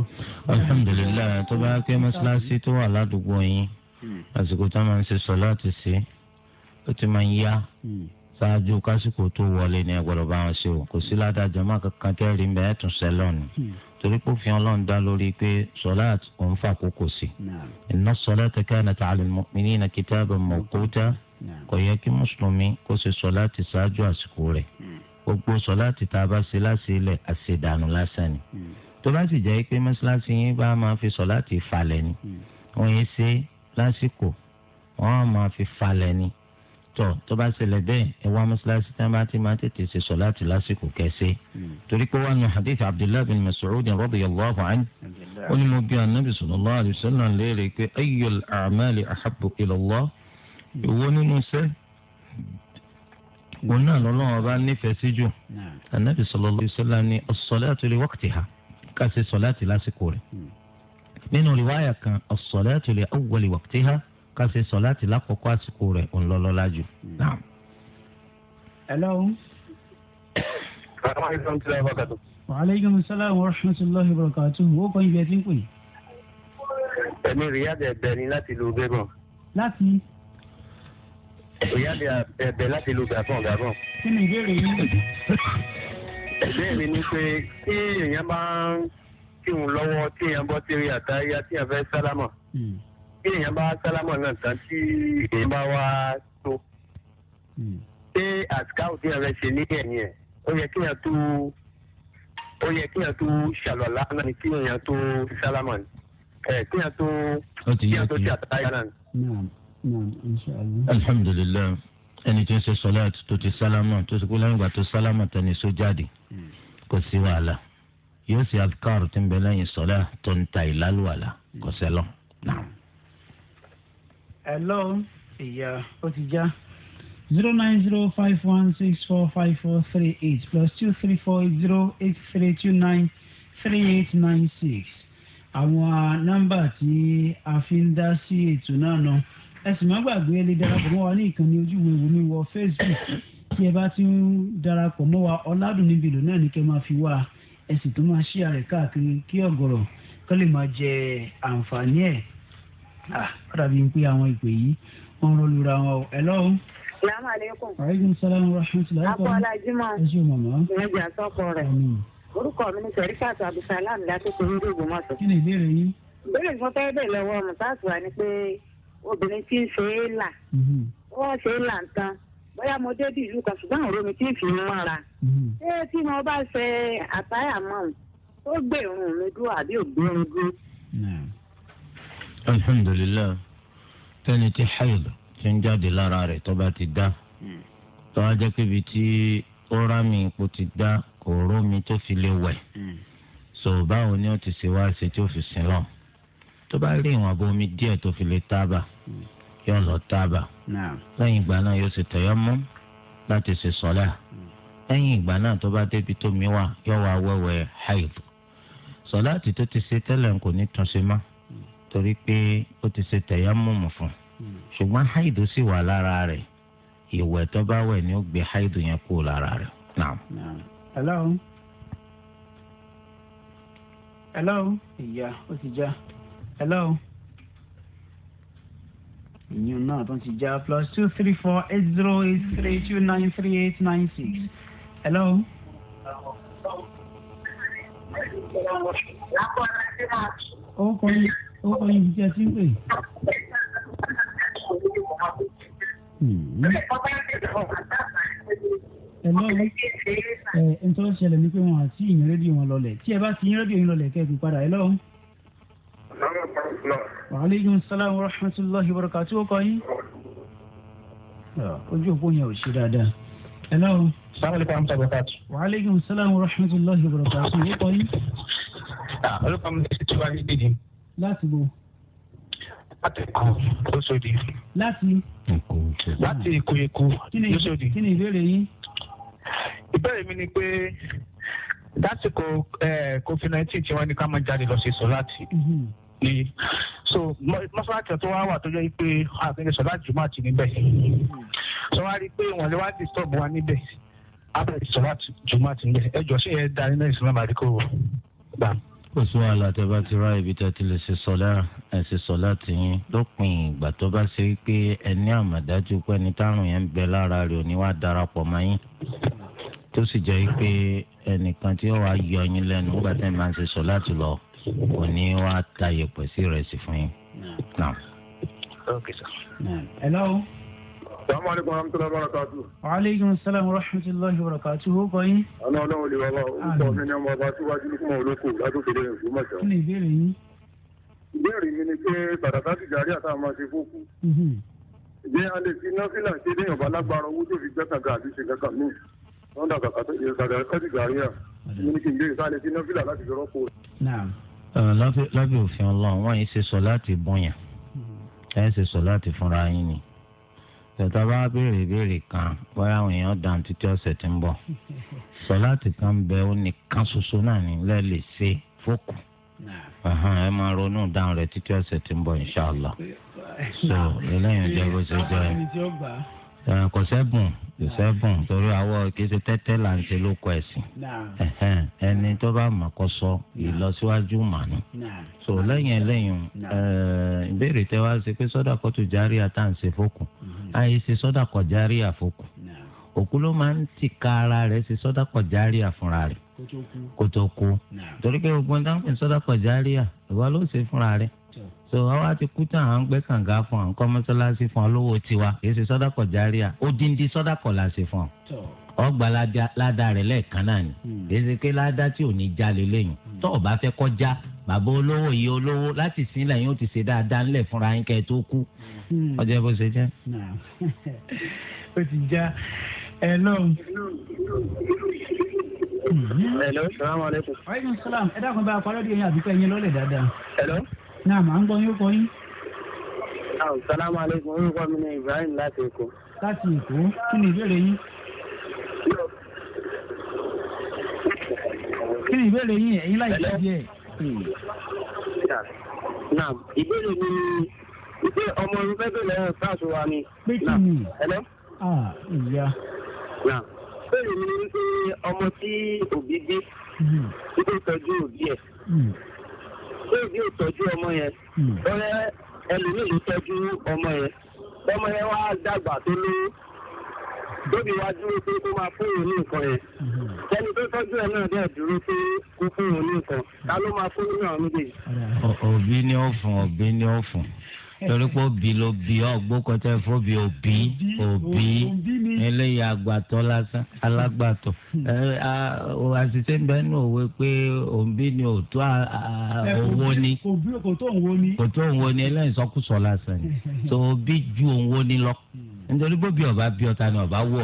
alhamdulilayi tó bá ké mọ́ṣáláṣí tó wà ládùúgbò yín hmm. àsìkò tó máa ń ṣe sọ láti ṣe ó ti máa ń yá. Hmm ṣáájú kásìkò tó wọlé ni ẹ gbọ́dọ̀ bá wọn ṣe o kò sí ládàjọ má kankan tẹ́rì mẹ́ ẹ̀ tún sẹ́lọ̀ ni torí kò fi ọlọ́run dá lórí pé sọlá òun fà kókò sí inna salata kanat ala al-mu'minina kitaban mawquta kò yẹ kí mùsùlùmí kó ṣe sọlá ti ṣáájú àsìkò rẹ̀ gbogbo sọlá ti tá bá ṣe láṣìílẹ̀ àṣedànù lásán ni tó bá sì jẹ́ pé mọ́ṣáláṣí yín bá máa fi sọlá ti falẹ̀ ni wọ́n yẹ ṣe lásìkò wọ́n máa fi falẹ̀ ni tọ tó bá ṣẹlẹ̀ bẹ́ẹ̀ ẹ wá mọ́ṣáláṣí tí wọ́n bá ti máa tètè ṣe sọ láti lásìkò kẹsẹ. Hmm. torí pé wọn ní hadith abdullahi bin masoud radiyallahu anhu ó ní mo bí anabi sallallahu alaihi wasallam léèrè pé ayyul a'mali ahabbu ila Allah hmm. ìwọ nínú sẹ òun náà lọ́lọ́wọ́ bá nífẹ̀ẹ́ sí jù anabi sallallahu alaihi wasallam ní as-salatu li waqtiha sọ láti lásìkò rẹ̀ hmm. nínú riwaya kan as-salatu ká ṣe sọ láti lákòókò àsìkò rẹ̀ òun lọ lọ́la jù. hello. wa aleykum salaam wa rahmatulahi wa barakatuhu ó kọ́ ibi ẹ ti ń pè. ẹ̀mí riyadh ẹ̀bẹ̀ ni láti lu gẹ́gàn. láti. riyadh ẹ̀bẹ̀ láti lu gàbọ̀n gàbọ̀n. kí ni ìbéèrè yín. ìbéèrè ni pé kí èèyàn bá ń kírun lọ́wọ́ tí èèyàn bọ́ sí rí àtàyà tí èèyàn fẹ́ sálámà. Hmm bí èèyàn bá sálámọ̀ náà tán tí èèyàn bá wá tó hmm. ṣé àtikáwò tí èèyàn rẹ ṣe ní ẹ̀yìn ẹ̀ ó yẹ kí èèyàn tó ó yẹ kí èèyàn tó ṣàlọ́lá náà ni kí èèyàn tó sálámọ̀ ni ẹ̀ kí èèyàn tó kí èèyàn tó ṣe àtàyà náà ni. alhamdulilayi ẹni tó ń ṣe sọláàtì tó ti sálámọ̀ tó ti kú lẹ́yìn ìgbà tó sálámọ̀ tẹ̀ ní sójáde hmm. kò sí wàhálà yóò ṣe àtikáwò tí ń bẹ lẹ́yìn sọlá tó ń ta ìlálùwàlà kò sẹ́lọ̀ náà hello ìyá ó ti já. zero nine zero five one six four five four three eight plus two three four zero eight three two nine three eight nine six àwọn nọ́mbà tí a fi ń dá sí ètò náà náà ẹ sì má gbàgbé ẹ lè darapọ̀ mọ́ wa ní ìkànnì ojúwe wòmí wọ Facebook tí ẹ bá ti ń darapọ̀ mọ́ wa ọ̀làdùn níbi ìlú náà ní kẹ́ máa fi wá ẹ sì tún máa ṣí àrẹ̀ káàkiri kí ọ̀gọ̀rọ̀ kọ́ lè máa jẹ àǹfààní ẹ̀. Ah, ó dàbí pé àwọn ìpè yìí wọ́n ń rolura wọn o. hello. salaamu aleykum. aleykum salaam wa rahmatulah. akọ́lá jimá. ẹ ṣe mama? ìrìnàjò àtọ́kọ rẹ̀. orúkọ mi ni sẹ̀ríkàtù abdulsalam látòkè ní ìgbòmọ̀tò. kí ni ìbéèrè yín. ìbéèrè tí mo fẹ́ bẹ̀ lọ́wọ́ mùsáàtù wa ni pé obìnrin tí ń ṣe é là. Mm-hmm. wọ́n ṣe é là ń tán bóyá mo dé bí ìlú kan ṣùgbọ́n òru mi tí ń fi mọ́ra. Mm-hmm. ṣé tí mo bá ṣe àtàyà mọ́ tó gbèrún mi dúró àbí ògbérun alhamdulilayi tẹni tí haid ti ń jáde lára rẹ̀ tó bá ti dá hmm. tó a jẹ́ pé ibi tí ó rá mi ipò ti dá kò ró mi tó fi lè wẹ̀ hmm. so báwo ni ó ti ṣe wá ṣe tí ó fi sin lọ tó bá rí ìwọ̀n abọ́ omi díẹ̀ tó fi lè tábà hmm. yóò lọ tábà lẹ́yìn ìgbà náà yóò ṣe tayammum láti ṣe sọ́lá lẹ́yìn ìgbà náà tó bá débi tó mi wà yóò wá wẹ̀wẹ̀ haid sọ́lá àti tó ti ṣe tẹ́lẹ̀ kò ní tún ṣe mọ́ torí pé ó ti ṣe tẹ̀yámọ̀mù fún un hmm. ṣùgbọ́n haidu sì wà lára rẹ̀ ìwẹ̀ tó bá wẹ̀ ni ó gbé haidu yẹn kúrò lára rẹ̀ naam. hello. hello. ìyá ó ti já hello. ìyún náà tó ti já plus two three four eight zero eight three two nine three eight nine six hello. ó kọ́ ni ọkọ yìí jẹ́ sí pé. ẹ̀lọ́ ẹ̀ ń tọ́ ṣẹlẹ̀ ní pé wọn àti ìyìn rédíò wọn lọlẹ̀ tí ẹ bá ti yín rédíò yín lọlẹ̀ kẹ́ẹ̀kú padà ẹ̀ lọ́hùn. wàhálẹ́gùn sálámù rahmatulahi barakatu ọkọ yín. ojú òpó yẹn ò ṣe dáadáa. ẹ̀ lọ́hùn. sàmúlẹ̀kọ̀ àmúṣàbọ̀kàtù. wàhálẹ́gùn sálámù rahmatulahi barakatu ọkọ yín. Ah, olùkọ́ mi ti tí wàá rí bíi láti wo. láti Èkó lóṣòdì. láti. láti Èkó Èkó lóṣòdì. kí ni ìbéèrè yín. ìbéèrè mi ni pé lásìkò covid nineteen tí wọ́n ní ká máa jáde lọ sí mhm. ni so mọ́sálásí tó wá wà tó jẹ́ pé àfihàn sọ́láàtì jùmọ̀ àti níbẹ̀ sọ wá rí i pé wọ́n lè wá disturb wa níbẹ̀ jùmọ̀ àti níbẹ̀ ẹjọ́ sí ẹ̀ náà gbà. kò sí wàhálà tẹ bá ti rá ibi tẹ ti lè ṣe sọlá ẹ ṣe sọlá tìyín lópin ìgbà tó bá ṣe pé ẹ ní àmọ̀dájú pé ẹni tárùn yẹn ń bẹ lára rẹ̀ ò ní wàá darapọ̀ mọ́ yín tó sì jẹ́ pé ẹnìkan tí ó wàá yọ yín lẹ́nu nígbà tẹ́ máa ń ṣe sọlá tù lọ ò wàá ta sí rẹ̀ sí fún yín. Hello. Assalamu alaikum warahmatullahi wabarakatuh. Wa alaikum assalam warahmatullahi wabarakatuh. ó kọ yín. àná ọlọ́run lè bàbá orúkọ mi ni ọmọ ọba síwájú ní kúmọ̀ olóko látòkè lẹ́yìn fún mọ̀ṣá. kí ni ìbéèrè yín. ìbéèrè mi ni pé bàdàkà ti jàrí àtàwọn máa ṣe fókù. ìgbé mhm. alẹ́ sí nọ́fìlà ṣe déyàn bá lágbára owó tó fi gbẹ́kàgà àti ṣe kàkà mí. wọ́n dàgbà kàdàkà ti jàrí à. mi ni kì í béèrè sálẹ̀ sí nọ́fìlà láti fi rọ́pò. lábẹ́ òfin ọlọ́run wọ́n yìí ṣe sọ láti bọ̀yàn mhm. ẹ̀ ṣe sọ láti fúnra yín ni sọ̀tà bá béèrè ìbéèrè kan bóyá àwọn èèyàn dàn títí ọ̀sẹ̀ tí ń bọ̀ [laughs] sọ̀láàtì kan bẹ ó nìkan ṣoṣo náà nílẹ̀ lè ṣe fókù ẹ máa ronú dáhùn rẹ̀ títí ọ̀sẹ̀ tí ń bọ̀ inṣàlá so eléyìí jẹ́ bó ṣe jẹ́ kò sẹ́bùn kò sẹ́bùn torí àwọ̀ kì í ṣe tẹ́tẹ́ là ń ṣe lóko ẹ̀sìn ẹni tó bá mọ̀ kọ́ sọ ìlọsíwájú mànú so lẹ́yìn eléyìí ìbéèrè tẹ́ wá ṣe pé sọ́dà kọ́tù járí àtàǹṣe fókù. Hmm àyè ṣe sọ́dà kọjárí àfọkù òkú ló máa ń tìka ara rẹ̀ ṣe sọ́dà kọjárí àfúnra rẹ̀ kó tó kú torí pé gbogbo ní táwọn sọ́dà kọjárí à ìwọ ló ṣe fúnra rẹ̀ so àwa ti kú tán à ń gbé kànga fún à ń kọ́ mọ́sálásí fún ọ lówó tiwa kì í ṣe sọ́dà kọjárí à ó dín dín sọ́dà kọ̀ là fún ọ ọgbà ládàá rẹ̀ lẹ́ẹ̀kan náà ni èsì hmm. pé ládàá tí ò ní já lélẹ́yìn hmm. tó o bá fẹ́ kọjá bàbá olówó yìí olówó láti sin lẹ́yìn ó ti ṣe dáadáa ńlẹ̀ fúnra yín kẹ́ tó kú hmm. ọjọ́ bó ṣe jẹ́. [laughs] ó ti já ẹ lọ́hùn. Hello, salamu aleykum. aleykum salaam ẹ dákun bá a parí ọdún yẹn àbíkọ ẹyin lọ́lẹ̀ dáadáa. Hello. náà màá ń gbọ́ yín kọ́ yín. Ah, salamu aleykum orúkọ mi ni Ibrahim láti Èkó. láti Èkó kí ni ìbéèrè yín. kí ni ìbéèrè yín ẹ̀yin láì ṣe díẹ̀. naam hmm. ìbéèrè mi ni ìpè ọmọ olùfẹ́ tó lẹ́yìn sáàsù wa ni. pé kí ni ẹ̀lọ́. ah ìyá. naam ìbéèrè mi ni pé ọmọ tí òbí bí hmm. ìpè tọ́jú òbí ẹ̀ pé hmm. òbí ò tọ́jú ọmọ yẹn lọ́rẹ́ ẹlòmíì ló tọ́jú ọmọ yẹn ọmọ yẹn wá dàgbà tó lówó lóbi wá dúró pé kó máa fún òun ní nǹkan yẹn mhm. ẹni tó tọ́jú ẹ̀ náà dẹ̀ dúró pé kó fún òun ní nǹkan ta ló máa fún nínú àwọn méjèèjì. òbí ni ó fún òbí ni ó fún torí pé òbí ló bí ọgbókọtẹ fóbi òbí òbí eléyìí àgbàtọ́ lásán alágbàtọ́ hmm. àṣìṣe ń bẹ nínú òwe pé òbí ni òtó owó ni kò òwò ni eléyìí sọkúsọ lásán ni tó òbí ju òwò ni lọ. Hmm nítorí bóbi ọba bí ọta ni ọba wọ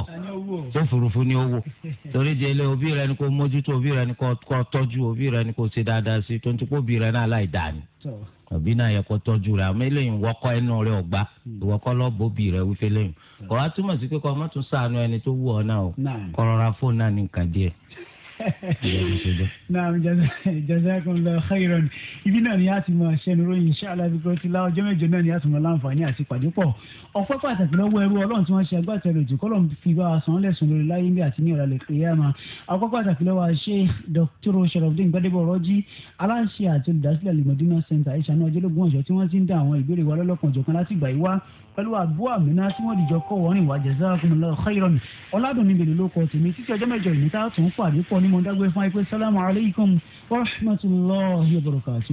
tó furuufú ni ó wò torí jẹlé òbí rẹ ni kò mójútó òbí rẹ ni kò tọ́jú òbí rẹ ni kò ṣe dáadáa sí tó ń tipó òbí rẹ náà láì dáa ni òbí náà yẹ kó tọ́jú rẹ àmọ́ eléyìí wọkọ ẹnu rẹ ọgbà hmm. ìwọkọ lọbọ òbí rẹ wípé lẹ́yìn kọ wá túmọ̀ sí pé kọ ọmọ tún ṣàánú ẹni tó wù ọ náà o kọ fóònù náà ní nǹkan díẹ̀ naam jazakumullahu khairan ibi náà ni a ti mọ aṣẹnuròyìn inshallah bíkọ́ ti la ọjọ́ mẹ́jọ náà ni a ti mọ láǹfààní àti pàdé pọ̀ ọpẹ́ pàtàkì lọ́wọ́ ẹrú ọlọ́run tí wọ́n ṣe agbátẹrù ètò kọ́lọ̀ fi bá a san lẹ́sùn lórí láyé bí àti ní ọ̀rọ̀ àlẹ́kìyàmá ọpẹ́ pàtàkì lọ́wọ́ ṣe Dr. sharafdin gbadebo rọ́jí aláṣẹ àti olùdásílẹ̀ limodina center ìṣànú ọjọ́lógún ọ̀ṣọ́ tí wọ́n ti ń dá àwọn ìbéèrè wa lọ́lọ́kan ọ̀jọ̀kan láti gbà yí wá pẹ̀lú àbú àmìnà tí wọ́n dìjọ kọ́ wọ́n rìn wá jazakumullahu khairan ọ̀làdùn níbi ìlú lóko mo dágbé fún ẹ pé sálámù alaykum wa rahmatulahi wa barakatuh.